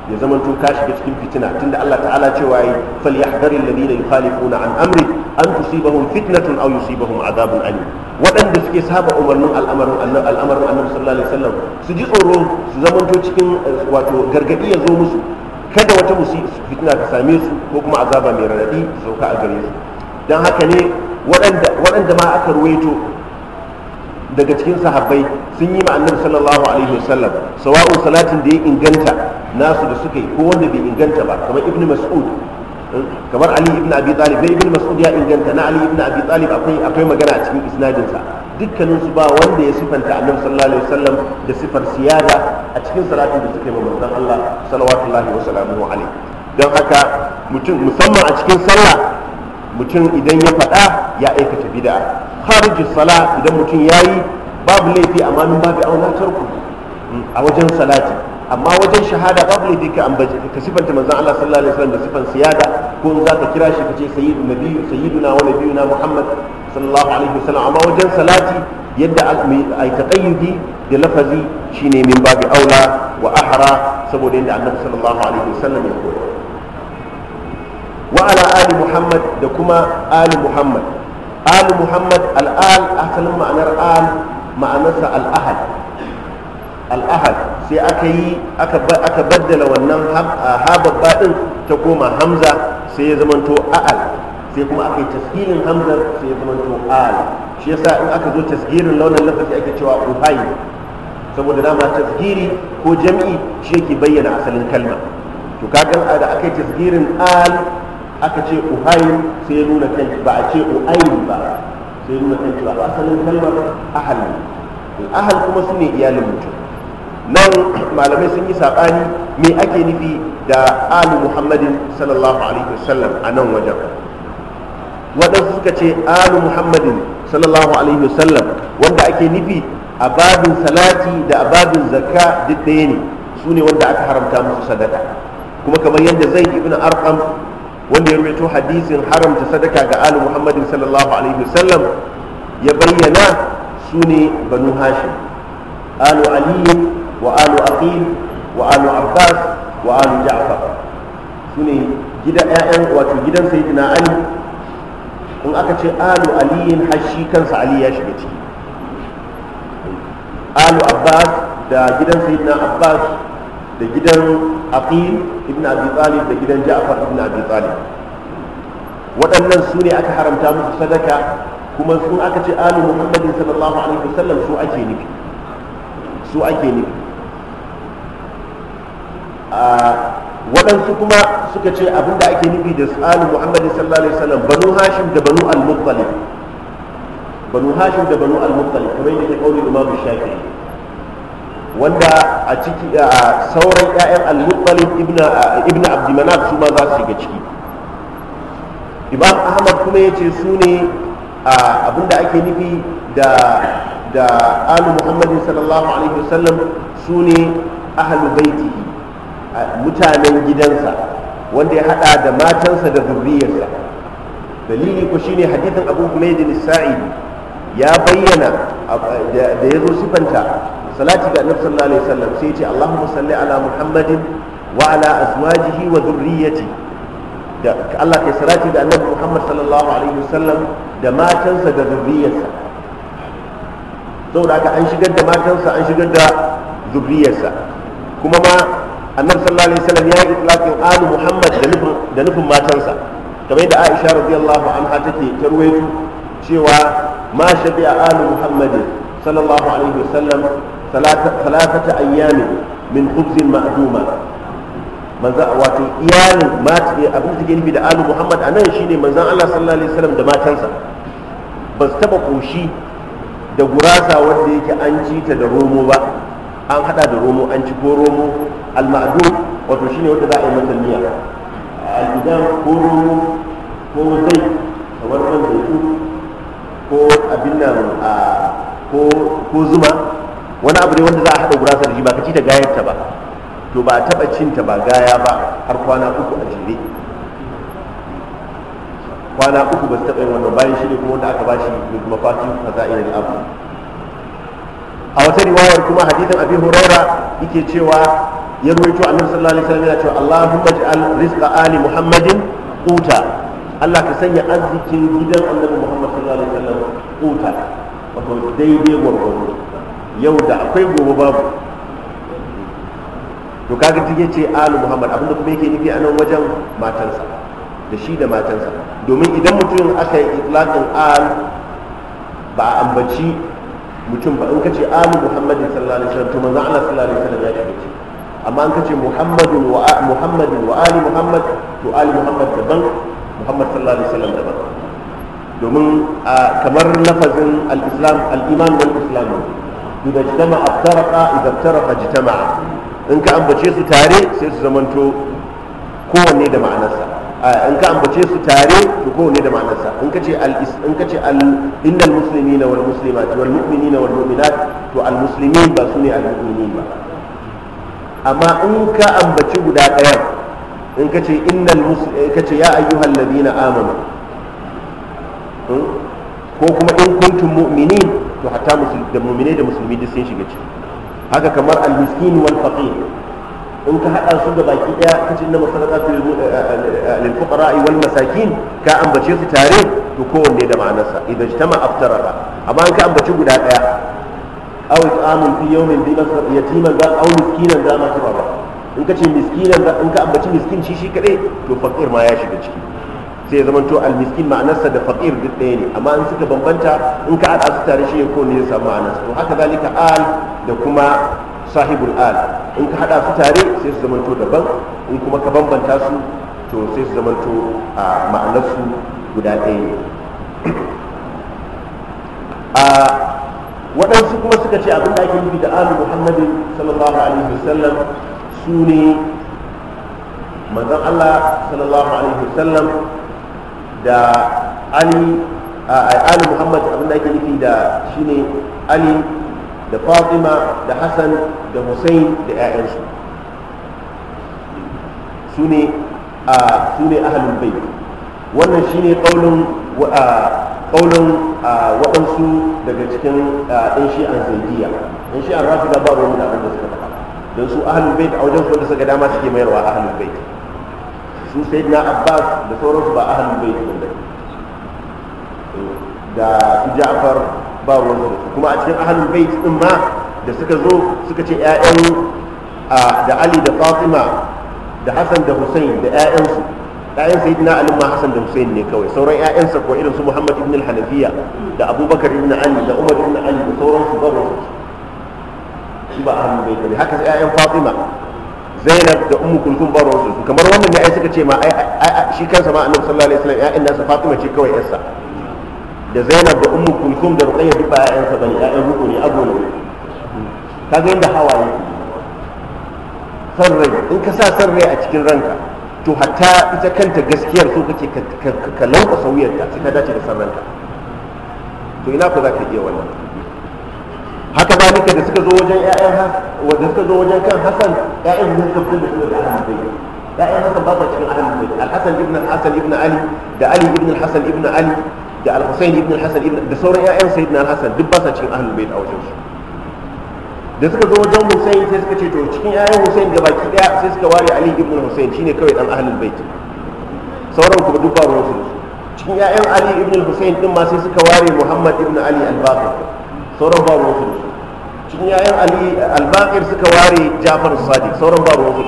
ya zamanto ka shiga cikin fitina tunda Allah ta'ala cewa yi falyahdharil ladina yukhalifuna an amri an tusibahum fitnatun aw yusibahum adabun alim waɗanda suke saba umarnin al'amarin al'amarin annabi sallallahu alaihi wasallam su ji tsoro su zamanto cikin eh, wato gargadi ya zo musu kada wata musi fitna ta same su ko kuma azaba mai su sauka a gare su dan haka ne waɗanda waɗanda ma aka ruwaito daga cikin sahabbai sun yi ma annabi sallallahu alaihi wasallam sawa'un salatin da ya inganta nasu da suka yi ko wanda bai inganta ba kamar ibnu mas'ud kamar ali ibn abi talib dai ibn mas'ud ya inganta na ali ibn abi talib akwai akwai magana a cikin isnadin sa dukkanin su ba wanda ya sifanta annabi sallallahu alaihi wasallam da sifar siyada a cikin salatin da suke ma manzon Allah sallallahu alaihi wasallam don haka mutum musamman a cikin sallah mutum idan ya faɗa ya aikata bid'a kharijus sala idan mutum yayi babu laifi amma min babu aulatar ku hmm, a wajen salati amma wajen shahada babu ne ka ambaci ka sifanta manzon Allah sallallahu alaihi wasallam da sifan siyada ko in zaka kira shi kace sayyidu nabiyyu sayyiduna wa nabiyuna muhammad sallallahu alaihi wasallam amma wajen salati yadda ai taqayyudi da lafazi shine min babu aula wa ahra saboda yadda annabi sallallahu alaihi wasallam ya koyar wa ala ali muhammad da kuma ali muhammad ali muhammad al al asalin ma'anar al ma'anarsa al ahad al'ahad sai aka yi aka baddala wannan hababba din ta koma hamza sai ya zamanto a'al sai kuma aka yi tasgirin hamzar sai ya zamanto a'al shi yasa in aka zo tasgirin launin lafafi ake cewa uhai saboda dama tasgiri ko jam'i shi yake bayyana asalin kalma to kaga da aka yi tasgirin al aka ce uhai sai ya nuna kai ba a ce u'ain ba sai ya nuna kai ba asalin kalmar ahal ahal kuma su ne iyalin mutum nan malamai sun yi saɓani me ake nufi da alu muhammadin sallallahu alaihi wasallam a nan wajen waɗansu suka ce alu muhammadin sallallahu alaihi wasallam wanda ake nufi ababin salati da ababin babin zakka duk ɗaya ne su ne wanda aka haramta musu sadaka kuma kamar yadda zai ibn arqam wanda ya rubuto hadisin haramta sadaka ga alu muhammadin sallallahu alaihi wasallam ya bayyana su ne banu hashim alu aliyu وآل أقيل وآل عباس وآل جعفر سني جدا أعن وتجدا سيدنا علي إن أكتش آل علي حشي كان علي يشبتي آل عباس دا جدا سيدنا عباس da gidan aqil da gidan ja'far ibn abi talib waɗannan su ne aka haramta musu sadaka kuma sun aka ce alu muhammadin sallallahu alaihi wasallam su ake nufi su ake nufi waɗansu kuma suka ce abinda ake nufi da tsarin muhammadu sallallahu alaihi wasallam banu hashim da banu al-muttalib banu hashim da banu al-muttalib kamar yadda ke kauli imam shafi'i wanda a ciki sauran ƴaƴan al-muttalib Ibn ibnu abd su ma za su shiga ciki imam ahmad kuma yace su ne abinda ake nufi da da alu muhammadin sallallahu alaihi wasallam su ne ahlu Baiti. mutanen gidansa wanda ya hada da matansa da zurriyarsa dalili ku shine hadithin abu humaydin sa'idi ya bayyana da ya zo sifanta salati ga annabi sallallahu alaihi wasallam sai ya ce allahumma salli ala muhammadin wa ala azwajihi wa dhurriyyati da Allah kai salati ga annabi muhammad sallallahu alaihi wasallam da matansa da zurriyarsa saboda haka an shigar da matansa an shigar da zurriyarsa kuma ma annabi sallallahu alaihi wasallam ya yi itlaqin alu muhammad da nufin da nufin matansa kamar da aisha radiyallahu anha take tarwaito cewa ma shabi'a alu muhammad sallallahu alaihi wasallam salatata ayyamin min khubzin ma'duma manzan wato iyalin mati eh, abin da ke nufi da alu muhammad anan shine manzan allah sallallahu alaihi wasallam da matansa ba su taba koshi da gurasa wanda yake an ci ta da romo ba an hada da romo an ci ko romo al-ma'dud wato shine wanda za a yi mata niyya al-idam ko romo ko zai kamar man zaitun ko abin nan ko zuma wani abu ne wanda za a haɗa gurasa da shi ba ka ci da gayarta ba to ba taɓa ta ba gaya ba har kwana uku a jere kwana uku ba su taɓa yin wannan bayan shi ne kuma wanda aka ba shi ne kuma fati fasa'ir abu a wata riwayar kuma hadithin abin huraira yake cewa ya to annabi sallallahu alaihi wasallam ya ce Allahumma ij'al rizqa ali muhammadin quta Allah ka sanya arzikin gidan annabi muhammad sallallahu alaihi wasallam quta wato daidai gwargwaro yau da akwai gobe babu to kaga tun yace alu muhammad abinda kuma yake nufi a nan wajen matansa da shi da matansa domin idan mutum aka yi itlaqin al ba a ambaci mutum ba in ka ce alu muhammadin sallallahu alaihi wasallam to manzo Allah sallallahu alaihi wasallam ya ce amma an kace muhammadin wa muhammadin wa ali muhammad to ali muhammad daban muhammad sallallahu alaihi wasallam daban domin kamar lafazin al-islam al-iman wal islam idan jama aftarqa idan tarafa jitama'a in ka ambace su tare sai su zamanto kowanne da ma'anarsa in ka ambace su tare to kowanne da ma'anarsa in ka ce al in ka ce al innal muslimina wal muslimat wal mu'minina wal mu'minat to al muslimin ba su ne al mu'minin ba amma in ka ambaci guda ɗayan in ka ce innal eh, ka ce ya ayyuhal ladina amanu hmm, ko kuma in kuntum mu'minin to hatta da mu'minai da musulmi duk sun shiga ciki haka kamar al-miskin wal faqir in ka hada su da baki daya ka ce innal sadaqatu lil eh, eh, fuqara wal masakin ka ambace su tare to kowanne da ma'anarsa idan jtama aftarara amma in ka ambaci guda daya aw it'amun fi yawmin bi masar yatiman za aw miskinan za ma tuba ba in ka ce miskinan in ka ambaci miskin shi shi kadai to faqir ma ya shiga ciki sai ya zamanto almiskin ma'anarsa da faqir duk ɗaya ne amma in suka bambanta in ka haɗa su tare shi ya kone ya samu ma'anarsa to haka zalika al da kuma sahibul al in ka haɗa su tare sai su zamanto daban in kuma ka bambanta su to sai su zamanto a ma'anarsu guda ɗaya ne waɗansu kuma suka ce abin da ake nufi da alu muhammadin sallallahu alaihi wasallam su ne manzon allah sallallahu alaihi wasallam da ali ali muhammad abin da ake nufi da shi ne, ali da fatima da hassan da hussein da 'ya'yansu su ne a su ne ahalin bai wannan ne kaulin kaulin waɗansu daga cikin ɗan an zaidiya ɗan an rafi da ba ruwan da abin da suka faɗa don su ahalul bai a wajen da suka dama suke mayarwa ahalin bai su sai na abbas da sauransu ba ahalul bait ne da ja'far ba ruwan kuma a cikin ahalin bai din ma da suka zo suka ce 'ya'yan da ali da fatima da hassan da hussein da 'ya'yansu. ɗayan sayyidina ali ma hasan da hussein ne kawai sauran ƴaƴansa ko irin su muhammad ibn al-hanafiya da abubakar ibn ali da umar ibn ali da sauran su babu shi ba ahlul bait ne haka ƴaƴan fatima zainab da ummu kulthum babu su kamar wannan ne ai suka ce ma ai shi kansa ma annabi sallallahu alaihi wasallam ƴaƴan nasa fatima ce kawai ƴarsa da zainab da ummu kulthum da ruqayyah duk ba ƴaƴansa bane ƴaƴan ruku ne abu ne kaga yadda hawaye san rai in ka sa san rai a cikin ranka to hatta ita kanta gaskiyar so kake ka lauka sauyarta sai ka dace da sarranka to ina ku za ka iya wannan haka ba nika da suka zo wajen ya'yan ƴaƴan da suka zo wajen kan hasan ya'yan ne suka fito da su da ahlul bayt ƴaƴan hasan ba su cikin ahlul bayt al-hasan ibn al-hasan ibn ali da ali ibn al-hasan ibn ali da al-husayn ibn al-hasan ibn da sauran ya'yan sayyidina al-hasan duk ba sa cikin ahlul bayt a wajen su da suka zo wajen Hussein sai suka ce to cikin 'ya'yan Hussein ga baki daya sai suka ware Ali ibn Hussein shine kawai dan ahlul bait sauran kuma duk ba ruwan su cikin 'ya'yan Ali ibn Hussein din ma sai suka ware Muhammad ibn Ali al-Baqir sauran ba ruwan su cikin 'ya'yan Ali al-Baqir suka ware Ja'far sadiq sauran ba ruwan su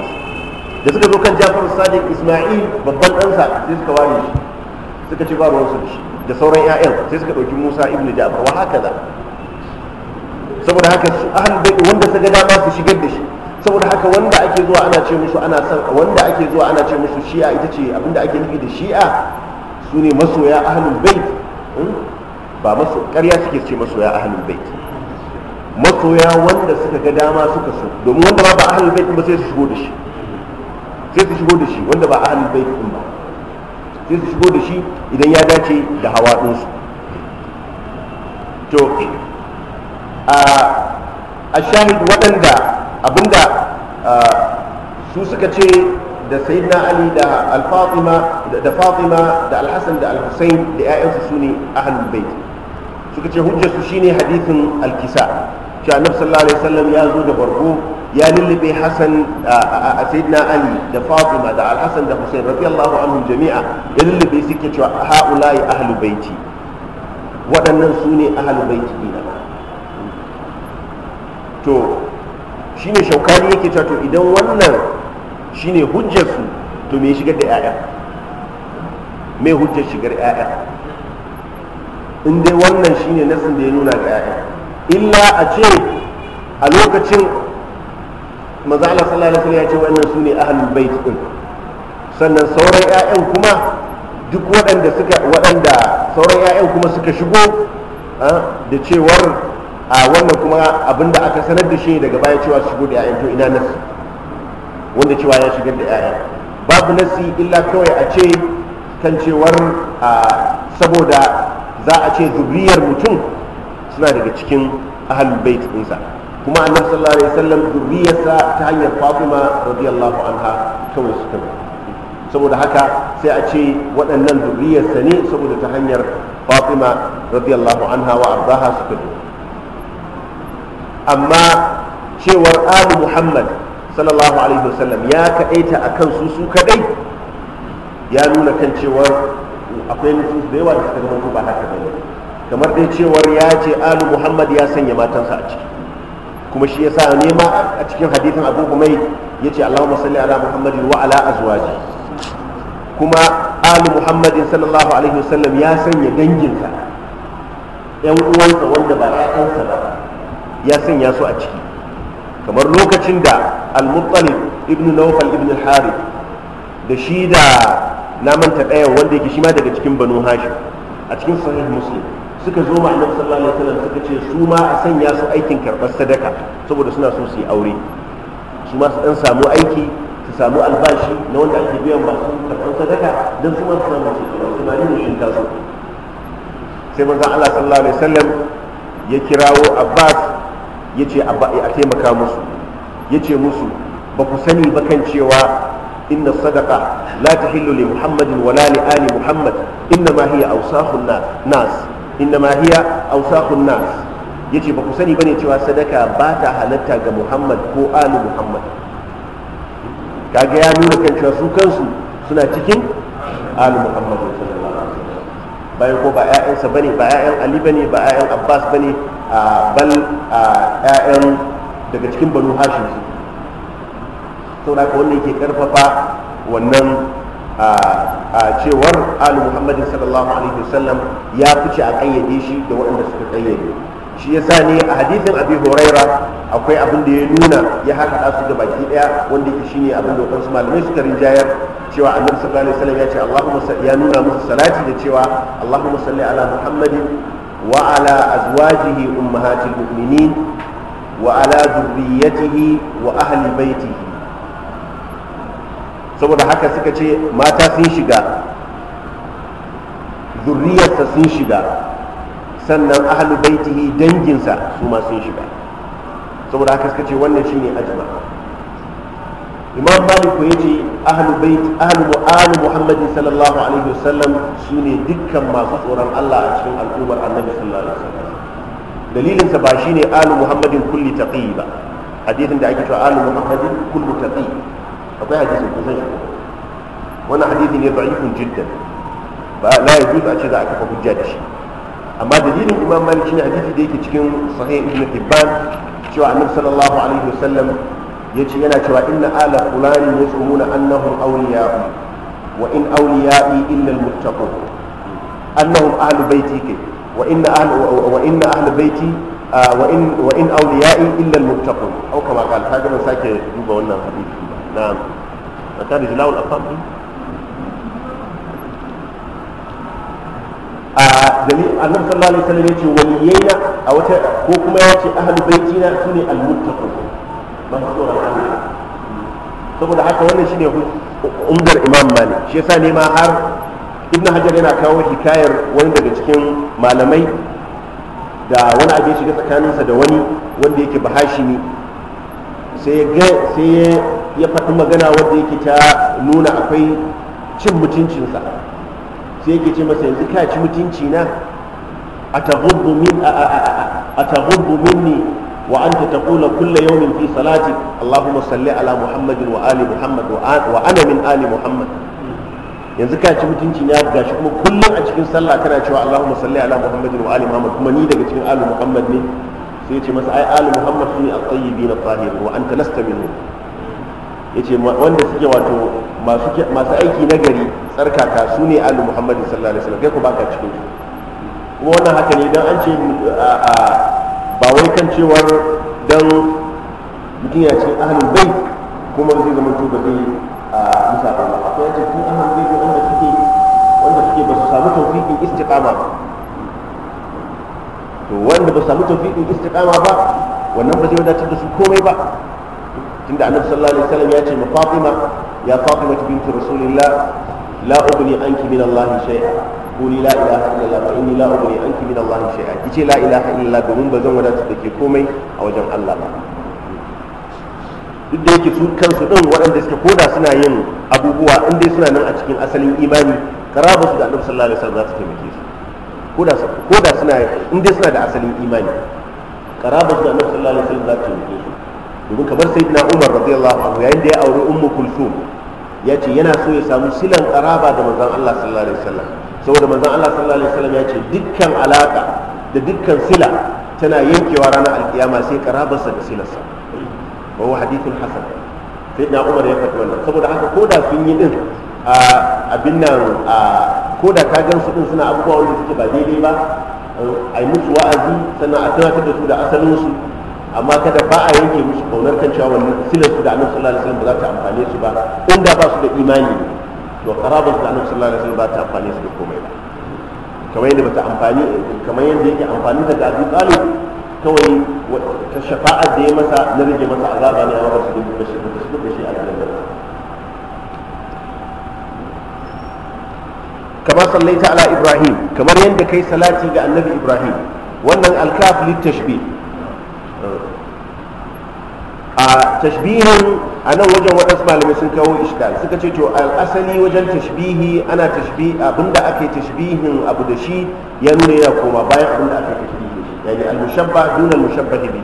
da suka zo kan Ja'far sadiq Isma'il babban ɗansa sai suka ware shi suka ce ba ruwan su da sauran 'ya'yan sai suka ɗauki Musa ibn Ja'far wa haka saboda haka ahlul bait wanda suka dama su shigar da shi saboda haka wanda ake zuwa ana ce musu ana san wanda ake zuwa ana ce musu shi'a ita ce abinda ake nufi da shi'a su ne masoya ahlul bait hmm? ba maso ƙarya suke ce masoya ahlul bait masoya wanda suka ga dama suka so domin wanda ba ahalin ahlul bait ba sai su shigo da shi sai su shigo da shi wanda ba ahalin bait din ba sai su shigo da shi idan ya dace da hawa ɗinsu to a shahid waɗanda abinda su suka ce da sayyidina ali da al-fatima da fatima da al da al da 'ya'yansu su ne ahlul bait suka ce hujjarsu shine hadithin al-kisa cewa annabi sallallahu alaihi wasallam ya zo da bargo ya lullube hasan a sayyidina ali da fatima da Alhassan da husayn radiyallahu anhum jami'a ya lullube suke cewa haula'i ahlul baiti waɗannan su ne ahlul baiti dina to shi ne shaukani yake cewa to idan wannan shi ne hujjarsu, to me shigar da 'ya'ya me hujjar shigar 'ya'ya in dai wannan ne nasin da ya nuna ga 'ya'ya illa a ce a lokacin maza Allah sallallahu alaihi ya ce wannan su ne ahlul bait din sannan sauran 'ya'yan kuma duk waɗanda suka waɗanda sauran 'ya'yan kuma suka shigo ah, da cewar a wannan kuma abin da aka sanar da shi daga baya cewa shigo da 'ya'yan to ina nasi wanda cewa ya shigar da 'ya'yan babu nasi illa kawai a ce kan cewar saboda za a ce zubriyar mutum suna daga cikin ahalul bait ɗinsa kuma annabi sallallahu alaihi wasallam zubriyarsa ta hanyar fatima radiyallahu anha kawai suka saboda haka sai a ce waɗannan zubriyarsa ne saboda ta hanyar fatima radiyallahu anha wa ardaha suka zo amma cewar ali muhammad sallallahu alaihi wasallam ya kaɗaita a kan su su kaɗai ya nuna kan cewar akwai nusus da yawa da suka zama ba haka ba kamar dai cewar ya ce ali muhammad ya sanya matansa a ciki kuma shi ya yasa nema a cikin hadithin abu mai ya ce allahumma salli ala muhammadin wa ala azwaji kuma ali muhammadin sallallahu alaihi wasallam ya sanya danginsa yan uwansa wanda ba ya kansa ba ya sanya su a ciki kamar lokacin da al-muttalib ibn nawfal ibn harith da shi da ta ɗayan wanda yake shi ma daga cikin banu hashim a cikin sahih muslim suka zo ma annabi sallallahu alaihi wasallam suka ce su ma a sanya su aikin karɓar sadaka saboda suna so su yi aure su ma su dan samu aiki su samu albashi na wanda ake biyan ba su karɓar sadaka don su ma su samu su tunani da shin taso sai manzon Allah sallallahu alaihi wasallam ya kirawo Abbas ya ce a taimaka musu ya ce musu ba ku sani ba kan cewa inna sadaka la ta li muhammadin wala li ali muhammad inna ma hiya ausahun nas inna ma hiya ausahun nas ya ce ba ku sani ba ne cewa sadaka ba ta halatta ga muhammad ko ali muhammad kaga ya nuna kan cewa su kansu suna cikin ali muhammad bayan ko ba 'ya'yansa bane ba 'ya'yan ali bane ba 'ya'yan abbas bane bal ƴaƴan daga cikin banu hashim sau da wannan ke karfafa wannan a cewar ali muhammadin sallallahu alaihi wasallam ya fice a kayyade shi da waɗanda suka kayyade shi ya sa ne a hadithin abi huraira akwai abin da ya nuna ya haka su da baki ɗaya. wanda yake shine abin da wasu malamai suka rinjayar cewa annabi sallallahu alaihi wasallam ya ce allahumma ya nuna musu salati da cewa Allahu salli ala muhammadin وعلى أزواجه أمهات المؤمنين وعلى ذريته وأهل بيته saboda haka suka ce mata sun shiga zurriyarsa sun shiga sannan ahalu baitihi danginsa su sun shiga saboda haka suka ce wannan shine ajma imam malik ya ce ahlu bait ahlu mu'alu muhammadin sallallahu alaihi wasallam su ne dukkan masu tsoron allah a cikin al'ummar annabi sallallahu alaihi wasallam dalilin sa ba shine ahlu muhammadin kulli taqi ba hadisin da ake cewa ahlu muhammadin kullu taqi akwai hadisin ko san shi wannan hadisi ne da'ifun jiddan ba la yajuz a ce za a kafa hujja da shi amma dalilin imam malik shine hadisi da yake cikin sahih ibn hibban cewa annabi sallallahu alaihi wasallam yace yana cewa inna ala fulani yasumuna annahum awliya'u wa in awliya'i illa almuttaqun annahum ahlu baiti ke wa inna ahlu wa inna ahlu baiti wa in wa in awliya'i illa almuttaqun aw kama qala kaga ban sake duba wannan hadisi na'am aka da al-afam a dali annabi sallallahu alaihi wasallam yace waliyaina a wata ko kuma yace ahlu baitina sune almuttaqun saboda haka wannan shine umdar imam malik shi yasa ne ma har ibn hajar yana kawo hikayar wani daga cikin malamai da wani abin shiga tsakaninsa da wani wanda yake bahashi ne sai ya ya faɗi magana wanda yake ta nuna akwai cin mutuncinsa sai yake ce masa yanzu ka ci mutunci na a taghubbu minni وأنت تقول كل يوم في صلاتك اللهم صل على محمد وآل محمد وأنا من آل محمد yanzu ka ci mutunci ya gashi kuma kullum a cikin sallah kana cewa Allahumma salli ala Muhammadin wa ali Muhammad kuma ni daga cikin ali Muhammad ne sai ce masa ai ali Muhammad ne at-tayyibin at-tahirin wa anta lasta minhu yace wanda suke wato masu masu aiki nagari tsarkaka su ne ali Muhammad sallallahu alaihi wasallam kai ku baka cikin kuma wannan haka ne dan an ce ba wai kan cewar don mutum ya ce ahalin bai kuma zai zama to ba zai a bisa ba ba akwai yace tun ahalin bai ko wanda kike wanda kike ba su samu tawfiqin istiqama ba to wanda ba su samu tawfiqin istiqama ba wannan ba zai wadatar da su komai ba tunda annabi sallallahu alaihi wasallam ya ce ma fatima ya fatima bint rasulillah la anki min Allah shay'a quli la ilaha illallah fa inni la ubni anki min Allah shay'a kice la ilaha illallah domin ba zan wadata da ke komai a wajen Allah ba duk da yake su kansu din waɗanda suke koda suna yin abubuwa in dai suna nan a cikin asalin imani karaba su da annabi sallallahu alaihi wasallam za su taimake su koda koda suna in dai suna da asalin imani karaba su da annabi sallallahu alaihi wasallam za su taimake su domin kamar sayyidina Umar radiyallahu anhu yayin da ya aure ummu kulthum ya ce yana so ya samu silan karaba da manzan Allah sallallahu alaihi wasallam saboda manzan Allah sallallahu alaihi wasallam ya ce dukkan alaka da dukkan sila tana yankewa ranar alkiyama sai karabarsa da silarsa wa hadithun hasan sai na umar ya faɗi wannan saboda haka ko da sun yi din abin nan ko da ka gan su din suna abubuwa wanda suke ba daidai ba a yi musu wa'azi sannan a tunatar da su da asalinsu amma kada ba a yanke musu kaunar kan cewa wannan silar su da annabi sallallahu alaihi wasallam ba za ta amfane su ba in da ba su da imani to karabar da annabi sallallahu alaihi wasallam ba ta amfane su da komai ba kamar yadda bata amfani kamar yadda yake amfani da Abu Talib kawai ta shafa'a da ya masa na rage masa azaba ne a wasu su da shi da shi da shi a cikin da kamar sallaita ala Ibrahim kamar yadda kai salati ga annabi Ibrahim wannan alkaf littashbih a tashbihin a nan wajen waɗansu malamai sun kawo ishkal suka ce to al'asali wajen tashbihi ana tashbi abinda ake tashbihin abu da shi ya nuna yana koma bayan abinda ake tashbihi yani al-mushabba duna al-mushabbahi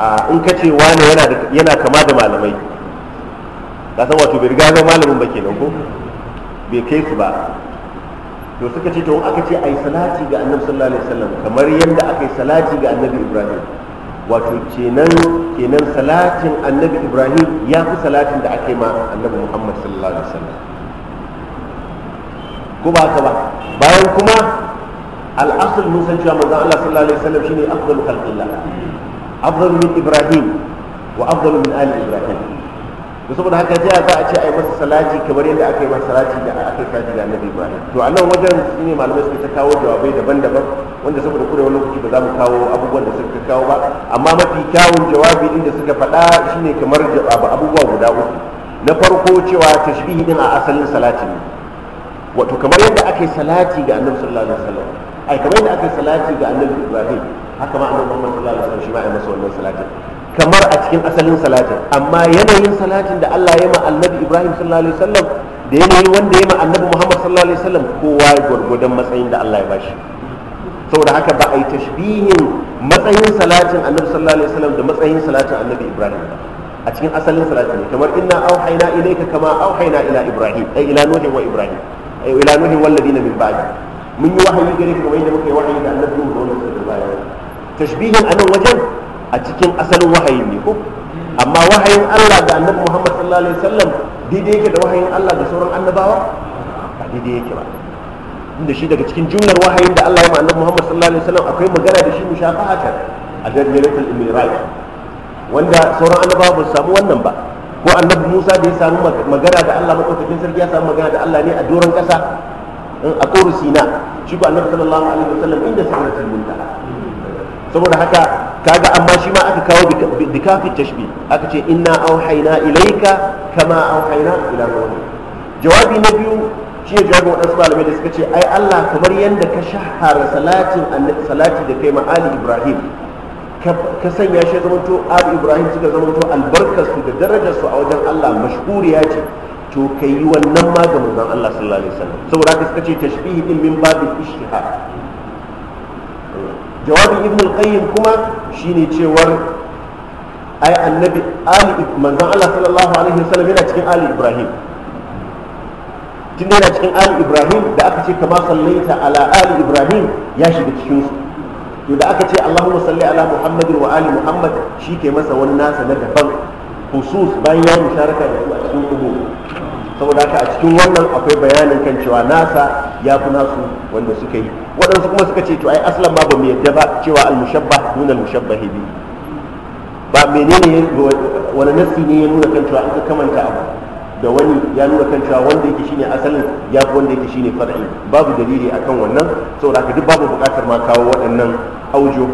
a in ka ce wane yana kama da malamai ka san wato bai riga ga malamin ba kenan ko bai kai su ba to suka ce to aka ce ai salati ga annabi sallallahu alaihi wasallam kamar yadda aka yi salati ga annabi ibrahim wato kenan kenan salatin annabi ibrahim ya fi salatin da aka yi ma annabi muhammad sallallahu alaihi wasallam ko ba ka ba bayan kuma al'asul mun san cewa manzon Allah sallallahu alaihi wasallam shine afdalu khalqillah afdalu min ibrahim wa afdalu min ali ibrahim da saboda haka jiya za a ce a yi masa salati kamar yadda aka yi masa salati da aka yi salati da annabi ba to a nan wajen su ne malamai suke ta kawo jawabai daban-daban wanda saboda kure wani lokaci ba za mu kawo abubuwan da suka kawo ba amma mafi kyawun jawabi din da suka faɗa shine kamar abubuwa guda uku na farko cewa tashbihi din a asalin salati ne wato kamar yadda aka yi salati ga annabi sallallahu alaihi wasallam ai kamar yadda aka yi salati ga annabi ibrahim haka ma annabi muhammad sallallahu alaihi wasallam shi ma ya masa wannan salatin kamar a cikin asalin salatin amma yanayin salatin da Allah ya ma annabi Ibrahim sallallahu alaihi wasallam da yanayin wanda ya ma annabi Muhammad sallallahu alaihi wasallam kowa ya gwargwadon matsayin da Allah ya bashi saboda haka ba a yi tashbihin matsayin salatin annabi sallallahu alaihi wasallam da matsayin salatin annabi Ibrahim ba a cikin asalin salatin ne kamar inna auhayna ilayka kama auhayna ila Ibrahim ay ila nuhi wa Ibrahim ay ila nuhi wal ladina min ba'di mun yi wahayi gare ka kamar yadda muka yi wahayi da annabi Nuhu da wannan da bayan tashbihin anan wajen a cikin asalin wahayin ne ko amma wahayin Allah ga annabi Muhammad sallallahu alaihi wasallam daidai yake da wahayin Allah da sauran annabawa ba daidai yake ba inda shi daga cikin jumlar wahayin da Allah ya ma annabi Muhammad sallallahu alaihi wasallam akwai magana da shi mushafahatan a dalilatul imirai wanda sauran annabawa ba su samu wannan ba ko annabi Musa da ya samu magana da Allah madaukakin sarki ya samu magana da Allah ne a doron kasa a koro shi ko annabi sallallahu alaihi wasallam inda sa'aratul muntaha saboda haka kaga amma shi ma aka kawo bikafi tashbi aka ce inna haina ilaika kama auhayna ila nuh jawabi na biyu shi ne jawabin waɗansu malamai da suka ce ai Allah kamar yadda ka shahara salatin salati da kai ma'ali Ibrahim ka sanya shi zamanto Abu Ibrahim suka zamanto albarkarsu da darajarsu a wajen Allah mashkuriya ce to kai yi wannan ma ga manzon Allah sallallahu alaihi wasallam saboda haka suka ce tashbihi din min babu ishtihar jawabin ibn al-qayyim kuma shine cewar ai annabi ali manzon Allah sallallahu alaihi wasallam yana cikin ali ibrahim tunda yana cikin ali ibrahim da aka ce kama sallaita ala ali ibrahim ya shiga cikin su to da aka ce allahumma salli ala muhammadin wa ali muhammad shi ke masa wani nasa na daban husus bayan ya musharaka da su a cikin ubu saboda haka a cikin wannan akwai bayanin kan cewa nasa ya fi nasu wanda suka yi waɗansu kuma suka ce to ai aslan ba ba mu yadda ba cewa al-mushabbah nuna al-mushabbahi bi ba menene wani nassi ne ya nuna kan cewa an ka kamanta abu da wani ya nuna kan cewa wanda yake shine asalin ya fi wanda yake shine far'i babu dalili akan wannan saboda haka duk babu bukatar ma kawo waɗannan aujo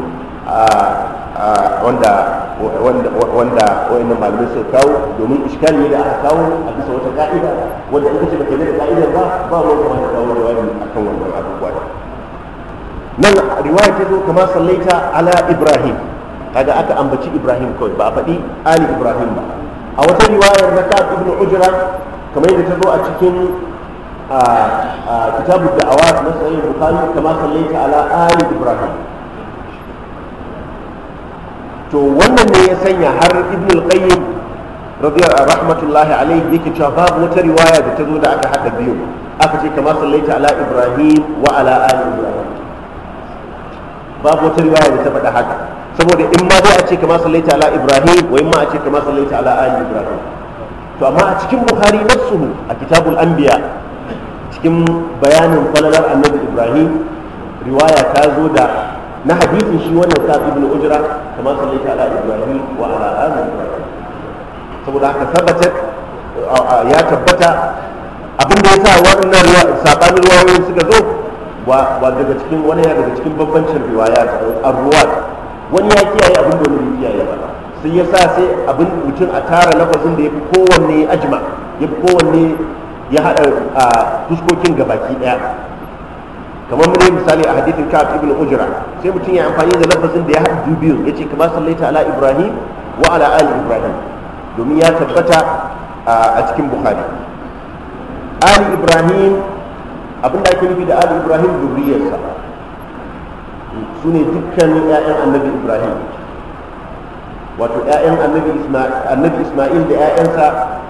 wanda wanda wanda malamai suka kawo domin iskali ne da aka kawo a bisa wata ka'ida wanda in kace baka da ka'idar ba ba ruwan kuma da kawo jawabi akan wannan abubuwa nan riwaya ta zo kama sallaita ala ibrahim kaga aka ambaci ibrahim kawai ba a faɗi ali ibrahim ba a wata riwayar na ta ibn ujra kamar yadda ta zo a cikin kitabu da awa na sahih bukhari kama sallaita ala ali ibrahim to wannan ne ya sanya har ibn al-qayyim radiyallahu rahmatullahi alayhi yake cewa babu wata riwaya da ta zo da aka hada biyu aka ce kama sallaita ala ibrahim wa ala ali ibrahim babu wata riwaya da ta faɗa haka saboda in ma dai a ce kama sallaita ala ibrahim wa in ma a ce kama sallaita ala ali ibrahim to amma a cikin bukhari nafsuhu a kitabul anbiya cikin bayanin falalar annabi ibrahim riwaya ta zo da na hadisin shi wannan ka ibn ujra kama sallaita ala ibrahim wa ala ali saboda haka tabbatar ya tabbata abinda ya sa wannan sabanin ruwayoyin suka zo wa daga cikin wani ya daga cikin bambancin riwaya ruwa wani ya kiyaye abin da wani kiyaye ba sai ya sa sai abin mutum a tara lafazin da ya fi kowanne ajma ya fi kowanne ya haɗa a fuskokin gabaki ɗaya kamar mu misali a hadithin ka ibn ujra sai mutum ya amfani da lafazin da ya haɗa dubiyun yace kama sallaita ala ibrahim wa ala ali ibrahim domin ya tabbata a cikin bukhari ali ibrahim abin da ake nufi da ali ibrahim zuriyarsa su ne dukkanin 'ya'yan annabi ibrahim wato 'ya'yan annabi isma'il da 'ya'yansa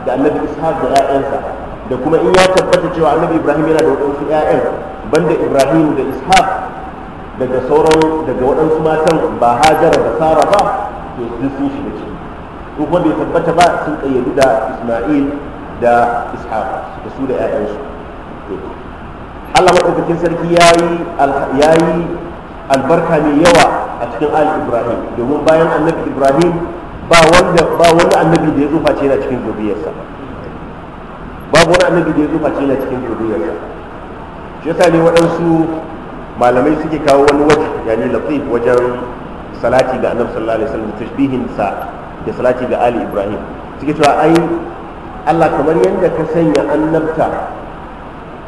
da annabi ishaq da 'ya'yansa da kuma in ya tabbata cewa annabi ibrahim yana da waɗansu 'ya'yan banda ibrahim da ishaq daga sauran daga waɗansu matan ba hajara da sara ba to duk sun shiga ciki ko kuma bai tabbata ba sun ƙayyadu da isma'il da ishaq da su da 'ya'yansu Allah maɗaukakin sarki ya yi albarka mai yawa a cikin ali ibrahim domin bayan annabi ibrahim ba wanda ba wani annabi da ya zo face yana cikin zuriyarsa babu wani annabi da ya zo face yana cikin zuriyarsa shi yasa ne waɗansu malamai suke kawo wani waje yani latif wajen salati ga annabi sallallahu alaihi wasallam tashbihin sa da salati ga ali ibrahim suke cewa ai Allah kamar yadda ka sanya annabta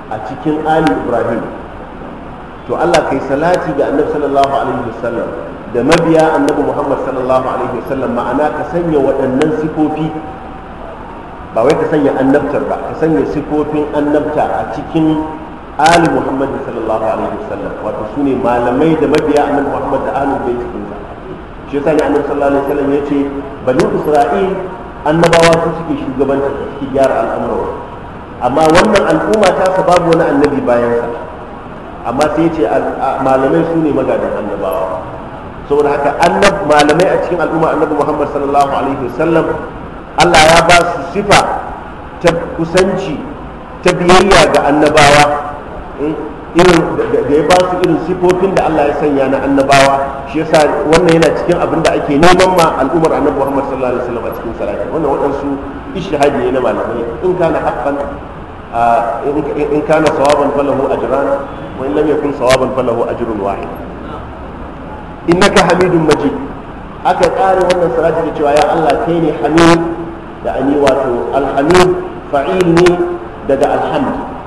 a cikin ali ibrahim to allah kai salati ga annabi sallallahu alaihi wasallam da mabiya annabi muhammad sallallahu alaihi wasallam ma'ana ka sanya waɗannan sifofi ba wai ka sanya annabtar ba ka sanya sifofin annabta a cikin ali muhammad sallallahu alaihi wasallam wato su ne malamai da mabiya annabi muhammad da ahlul bait kunsa shi yasa ne annabi sallallahu alaihi wasallam yace bani isra'il annabawa su suke shugabanci su suke gyara al'amuran amma wannan al'umma ta ka babu wani annabi bayan bayansa amma sai ce malamai su ne magadan annabawa saboda haka annab malamai a cikin al'umma annabi muhammad sallallahu alaihi wasallam allah ya ba su sifa ta kusanci ta biyayya ga annabawa hmm? irin da ya ba su irin sifofin da Allah ya sanya na annabawa shi yasa wannan yana cikin abin da ake neman ma al'ummar annabi Muhammad sallallahu alaihi wasallam a cikin salati wannan waɗansu ishtihadi ne na malamai in kana haqqan in kana sawaban falahu ajran wa in lam yakun sawaban falahu ajrun wahid innaka hamidun majid aka ƙara wannan salati da cewa ya Allah kai ne hamid da ani wato alhamid fa'il ne daga alhamd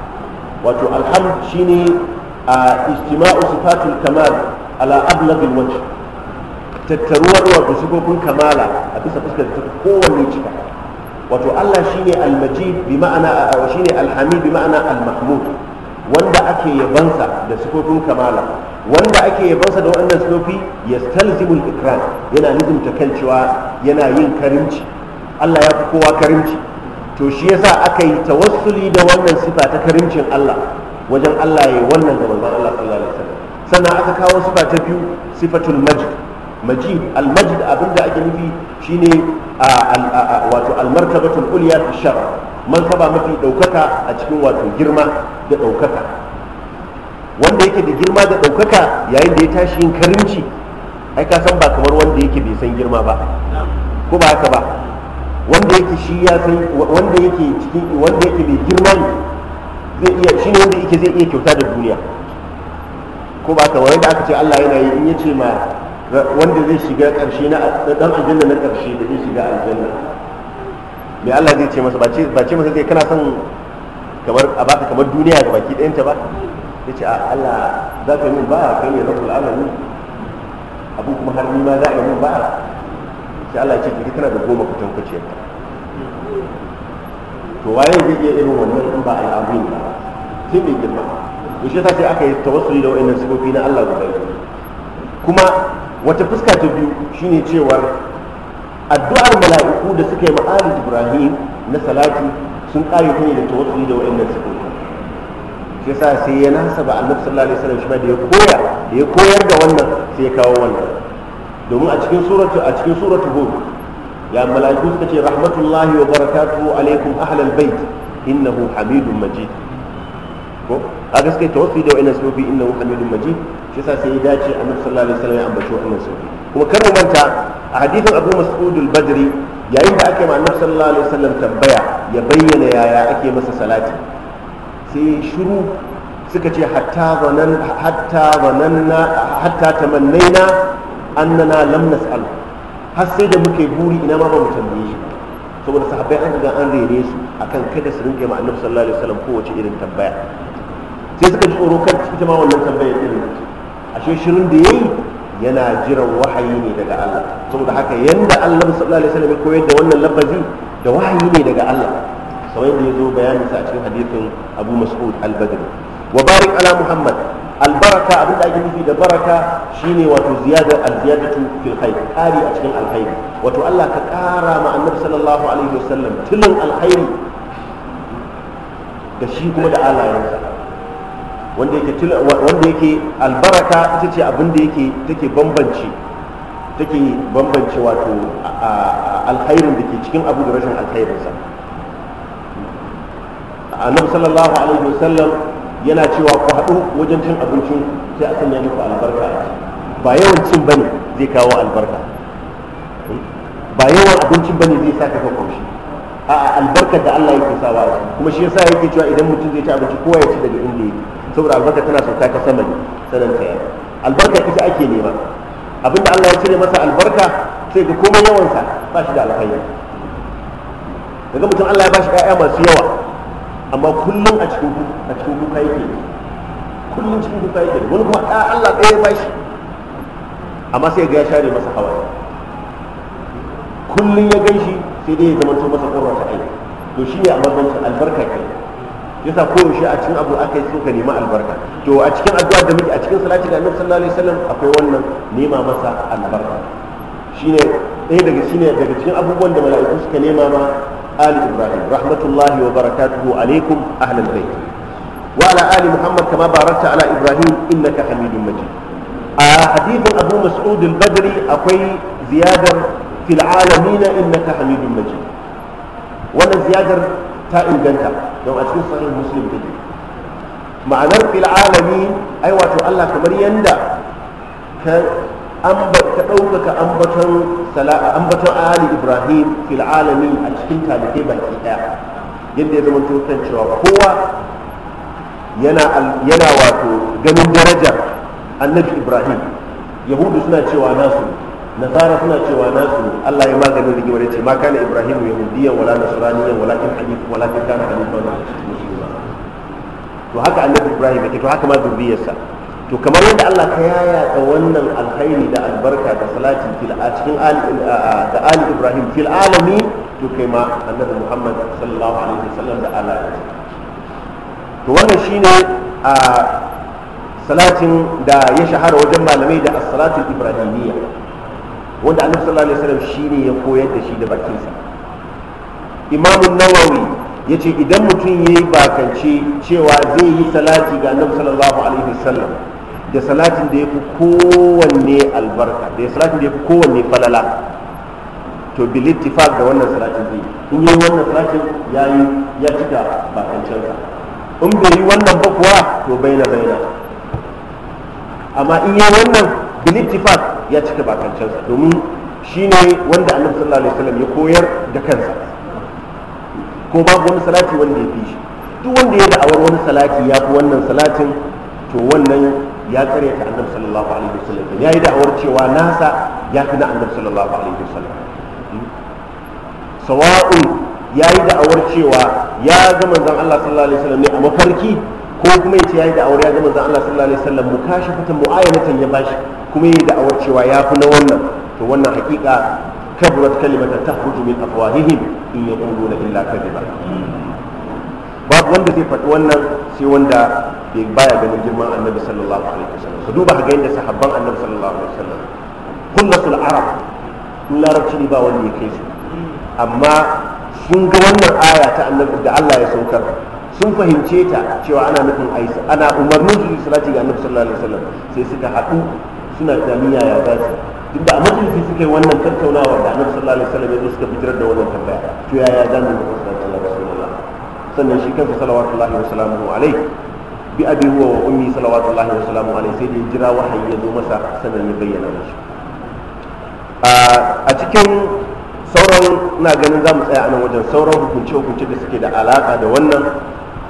wato alhamd shine a ijtima'u sifatul kamal ala ablaghil wajh tattaruwar wato sifofin kamala a bisa fuskar ta tafi kowanne cika wato Allah shine al-majid bi ma'ana shine al-hamid bi ma'ana al-mahmud wanda ake yabansa da sifofin kamala wanda ake yabansa da waɗannan sifofi yastalzimul ikram yana nufin ta kan cewa yana yin karimci Allah ya fi kowa karimci to shi yasa aka yi tawassuli da wannan sifa ta karimcin Allah wajen Allah ya yi wannan ga manzon Allah sallallahu alaihi wasallam sannan aka kawo sifa ta biyu sifatul majid majid al majid abinda ake nufi shine wato al martabatul ulya fi shar martaba mafi daukaka a cikin wato girma da daukaka wanda yake da girma da daukaka yayin da ya tashi yin karimci ai ka san ba kamar wanda yake bai san girma ba ko ba haka ba wanda yake shi ya kai wanda yake cikin wanda yake mai girma ne zai iya ne wanda yake zai iya kyauta da duniya ko ba ka wani da aka ce Allah yana yi in ya ce ma wanda zai shiga karshe na dan aljanna na karshe da zai shiga aljanna me Allah zai ce masa ba ce ba ce masa zai kana son kamar a baka kamar duniya ga baki ta ba ya ce a Allah za ka yi min ba kai ne rabbul alamin abu kuma har ni ma za a yi min ba shi Allah ya ce jiki tana da goma kutan kuciyar ta to waye zai iya irin wannan in ba ne? ba sai mai girma to shi ta ce aka yi tawassuli da wa'annan sifofi na Allah guda biyu kuma wata fuska ta biyu shine cewar addu'ar mala'iku da suka yi ma'ali Ibrahim na salati sun kare ta ne da tawassuli da wa'annan sifofi shi yasa sai ya nasaba annabi sallallahu alaihi wasallam shi ma da ya koya da ya koyar da wannan sai ya kawo wannan domin a cikin suratu a cikin suratu hud ya mala'iku suka ce rahmatullahi wa barakatuhu alaikum ahlal bait innahu hamidun majid ko a gaske ta wasu da wa'annan sufi innahu hamidun majid shi yasa sai ya dace annabi sallallahu alaihi wasallam ya ambaci wa'annan sufi kuma kar mu manta a hadithin Abu Mas'ud al-Badri yayin da ake ma annabi sallallahu alaihi wasallam tambaya ya bayyana yaya ake masa salati sai shiru suka ce hatta zananna hatta tamannaina annana lam nas'al har sai da muke buri ina ma ba mu tambaye shi saboda sahabbai an ga an rene su akan kada su rinke ma annabi sallallahu alaihi wasallam kowace irin tambaya sai suka ji tsoro kan ita ma wannan tambayar irin ashe shirin da yayi yana jiran wahayi ne daga Allah saboda haka yanda Allah sallallahu alaihi wasallam ya koyar da wannan lafazi da wahayi ne daga Allah kamar yadda ya zo bayanin sa a cikin hadifin Abu Mas'ud al-Badri wa barik ala Muhammad albaraka abin da ake nufi da baraka shine wato ziyadar alziyadatu fil khair kari a cikin alkhairi wato Allah ka kara ma annabi sallallahu alaihi wasallam tilin alkhairi da shi kuma da alayensa wanda yake wanda yake albaraka ita ce abin da yake take bambance take bambance wato alkhairin da ke cikin abu da rashin alkhairinsa annabi sallallahu alaihi wasallam yana cewa ku haɗu wajen cin abincin sai a sanya muku albarka ba yawan cin bane zai kawo albarka ba yawan abincin bane zai sa ka ka kaushi a albarka da Allah yake sawa kuma shi yasa yake cewa idan mutum zai ci abinci kowa ya ci daga inda yake saboda albarka tana sauka ta sama ne sanan ta albarka ita ake nema abinda Allah ya cire masa albarka sai ga komai yawansa ba shi da alfayya daga mutum Allah ya bashi ƴaƴa masu yawa amma kullum a cikin a cikin duka yake kullum cikin duka yake wani kuma ɗa Allah ɗaya ba shi amma sai ga ya share masa hawaye kullum ya gan shi sai dai ya zama to masa ƙorwa ta aiki to shi ne a mazanci albarka ke yasa koyaushe a cikin abu aka yi so ka nema albarka to a cikin addu'a da muke a cikin salati da annabi sallallahu alaihi wasallam akwai wannan nema masa albarka shine ɗaya daga shine daga cikin abubuwan da mala'iku suka nema ma آل إبراهيم رحمة الله وبركاته عليكم أهل البيت وعلى آل محمد كما باركت على إبراهيم إنك حميد مجيد حديث أبو مسعود البدري أقوي زيادة في العالمين إنك حميد مجيد ولا زيادة تائم جنتا لو أتكون صحيح مسلم تجي معنى في العالمين أيوة الله كمر يندى كان أنبت ka ɗaukaka ambaton ali ibrahim fil a cikin talibai baki ɗaya yadda ya zama tutar cewa kowa yana wato ganin darajar annabi ibrahim yahudu suna cewa nasu nasara suna cewa nasu allah ya maganin rigimar ce ma kana ibrahim yahudiyan wala nasraniyan wala kin hanif wala kin kana hanifan musulma to haka annabi ibrahim yake to haka ma zuriyarsa to kamar yadda Allah ta yaya da wannan alkhairi da albarka da salati fil a cikin da ali ibrahim fil alami to kai ma annabi muhammad sallallahu alaihi wasallam da ala to wannan shine a salatin da ya shahara wajen malamai da as-salatul ibrahimiyya wanda annabi sallallahu alaihi wasallam shine ya koyar da shi da bakinsa an nawawi ya ce idan mutum ya yi bakance cewa zai yi salati ga annabi sallallahu alaihi wasallam da salatin da ya fi kowanne albarka da salatin da ya fi kowanne falala to bilittifak da wannan salatin zai in yi wannan salatin ya yi ya cika bakancinsa in bai yi wannan ba kuwa to baina baina amma in yi wannan bilittifak ya cika bakancinsa domin shi ne wanda annabi sallallahu alaihi wasallam ya koyar da kansa ko babu wani salati wanda ya fi shi duk wanda ya da'awar wani salati ya fi wannan salatin to wannan ya tsare ta annabi sallallahu alaihi wasallam ya yi da'awar cewa nasa ya fi na annabi sallallahu alaihi wasallam sawa'un ya yi da'awar cewa ya ga manzon Allah sallallahu alaihi wasallam ne a mafarki ko kuma ya ya yi da'awar ya ga manzon Allah sallallahu alaihi wasallam mukashafatan mu'ayanatan ya bashi kuma ya yi da'awar cewa ya fi na wannan to wannan hakika kaburat kalimatan tahruju min afwahihim in yaquluna illa kadhiba wanda zai faɗi wannan sai wanda bai baya ganin girman annabi sallallahu alaihi wasallam ka duba ga yadda sahabban annabi sallallahu alaihi wasallam kullatul arab in larabci ne ba wanda ya kai su amma sun ga wannan aya ta annabi da Allah ya saukar sun fahimce ta cewa ana nufin aisa ana umarnin su salati ga annabi sallallahu alaihi wasallam sai suka haɗu suna tunanin yaya za su duk da a majalisi suka yi wannan tattaunawar da annabi sallallahu alaihi wasallam ya zo suka fitar da wannan tambaya to yaya za mu yi sannan shi kansa salawatullahi wa salamu alai bi abi huwa wa ummi salawatullahi wa salamu alai sai dai jira wahayi ya zo masa sannan ya bayyana mashi a cikin sauran na ganin za mu tsaya a nan wajen sauran hukunce hukunce da suke da alaka da wannan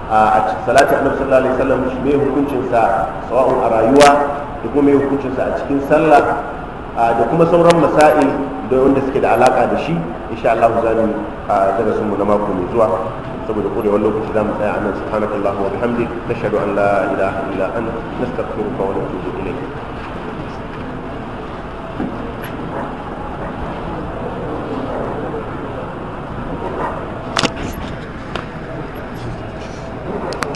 a salati annabi sallallahu alaihi wasallam shi mai hukuncin sa sawa'un a rayuwa da kuma mai hukuncin sa a cikin sallah da kuma sauran masail da wanda suke da alaka da shi insha Allah za mu darasin mu na mako mai zuwa ثم دخول علوم الاسلام الايه عنا سبحانك اللهم وبحمدك نشهد ان لا اله الا انت نستغفرك ونتوب اليك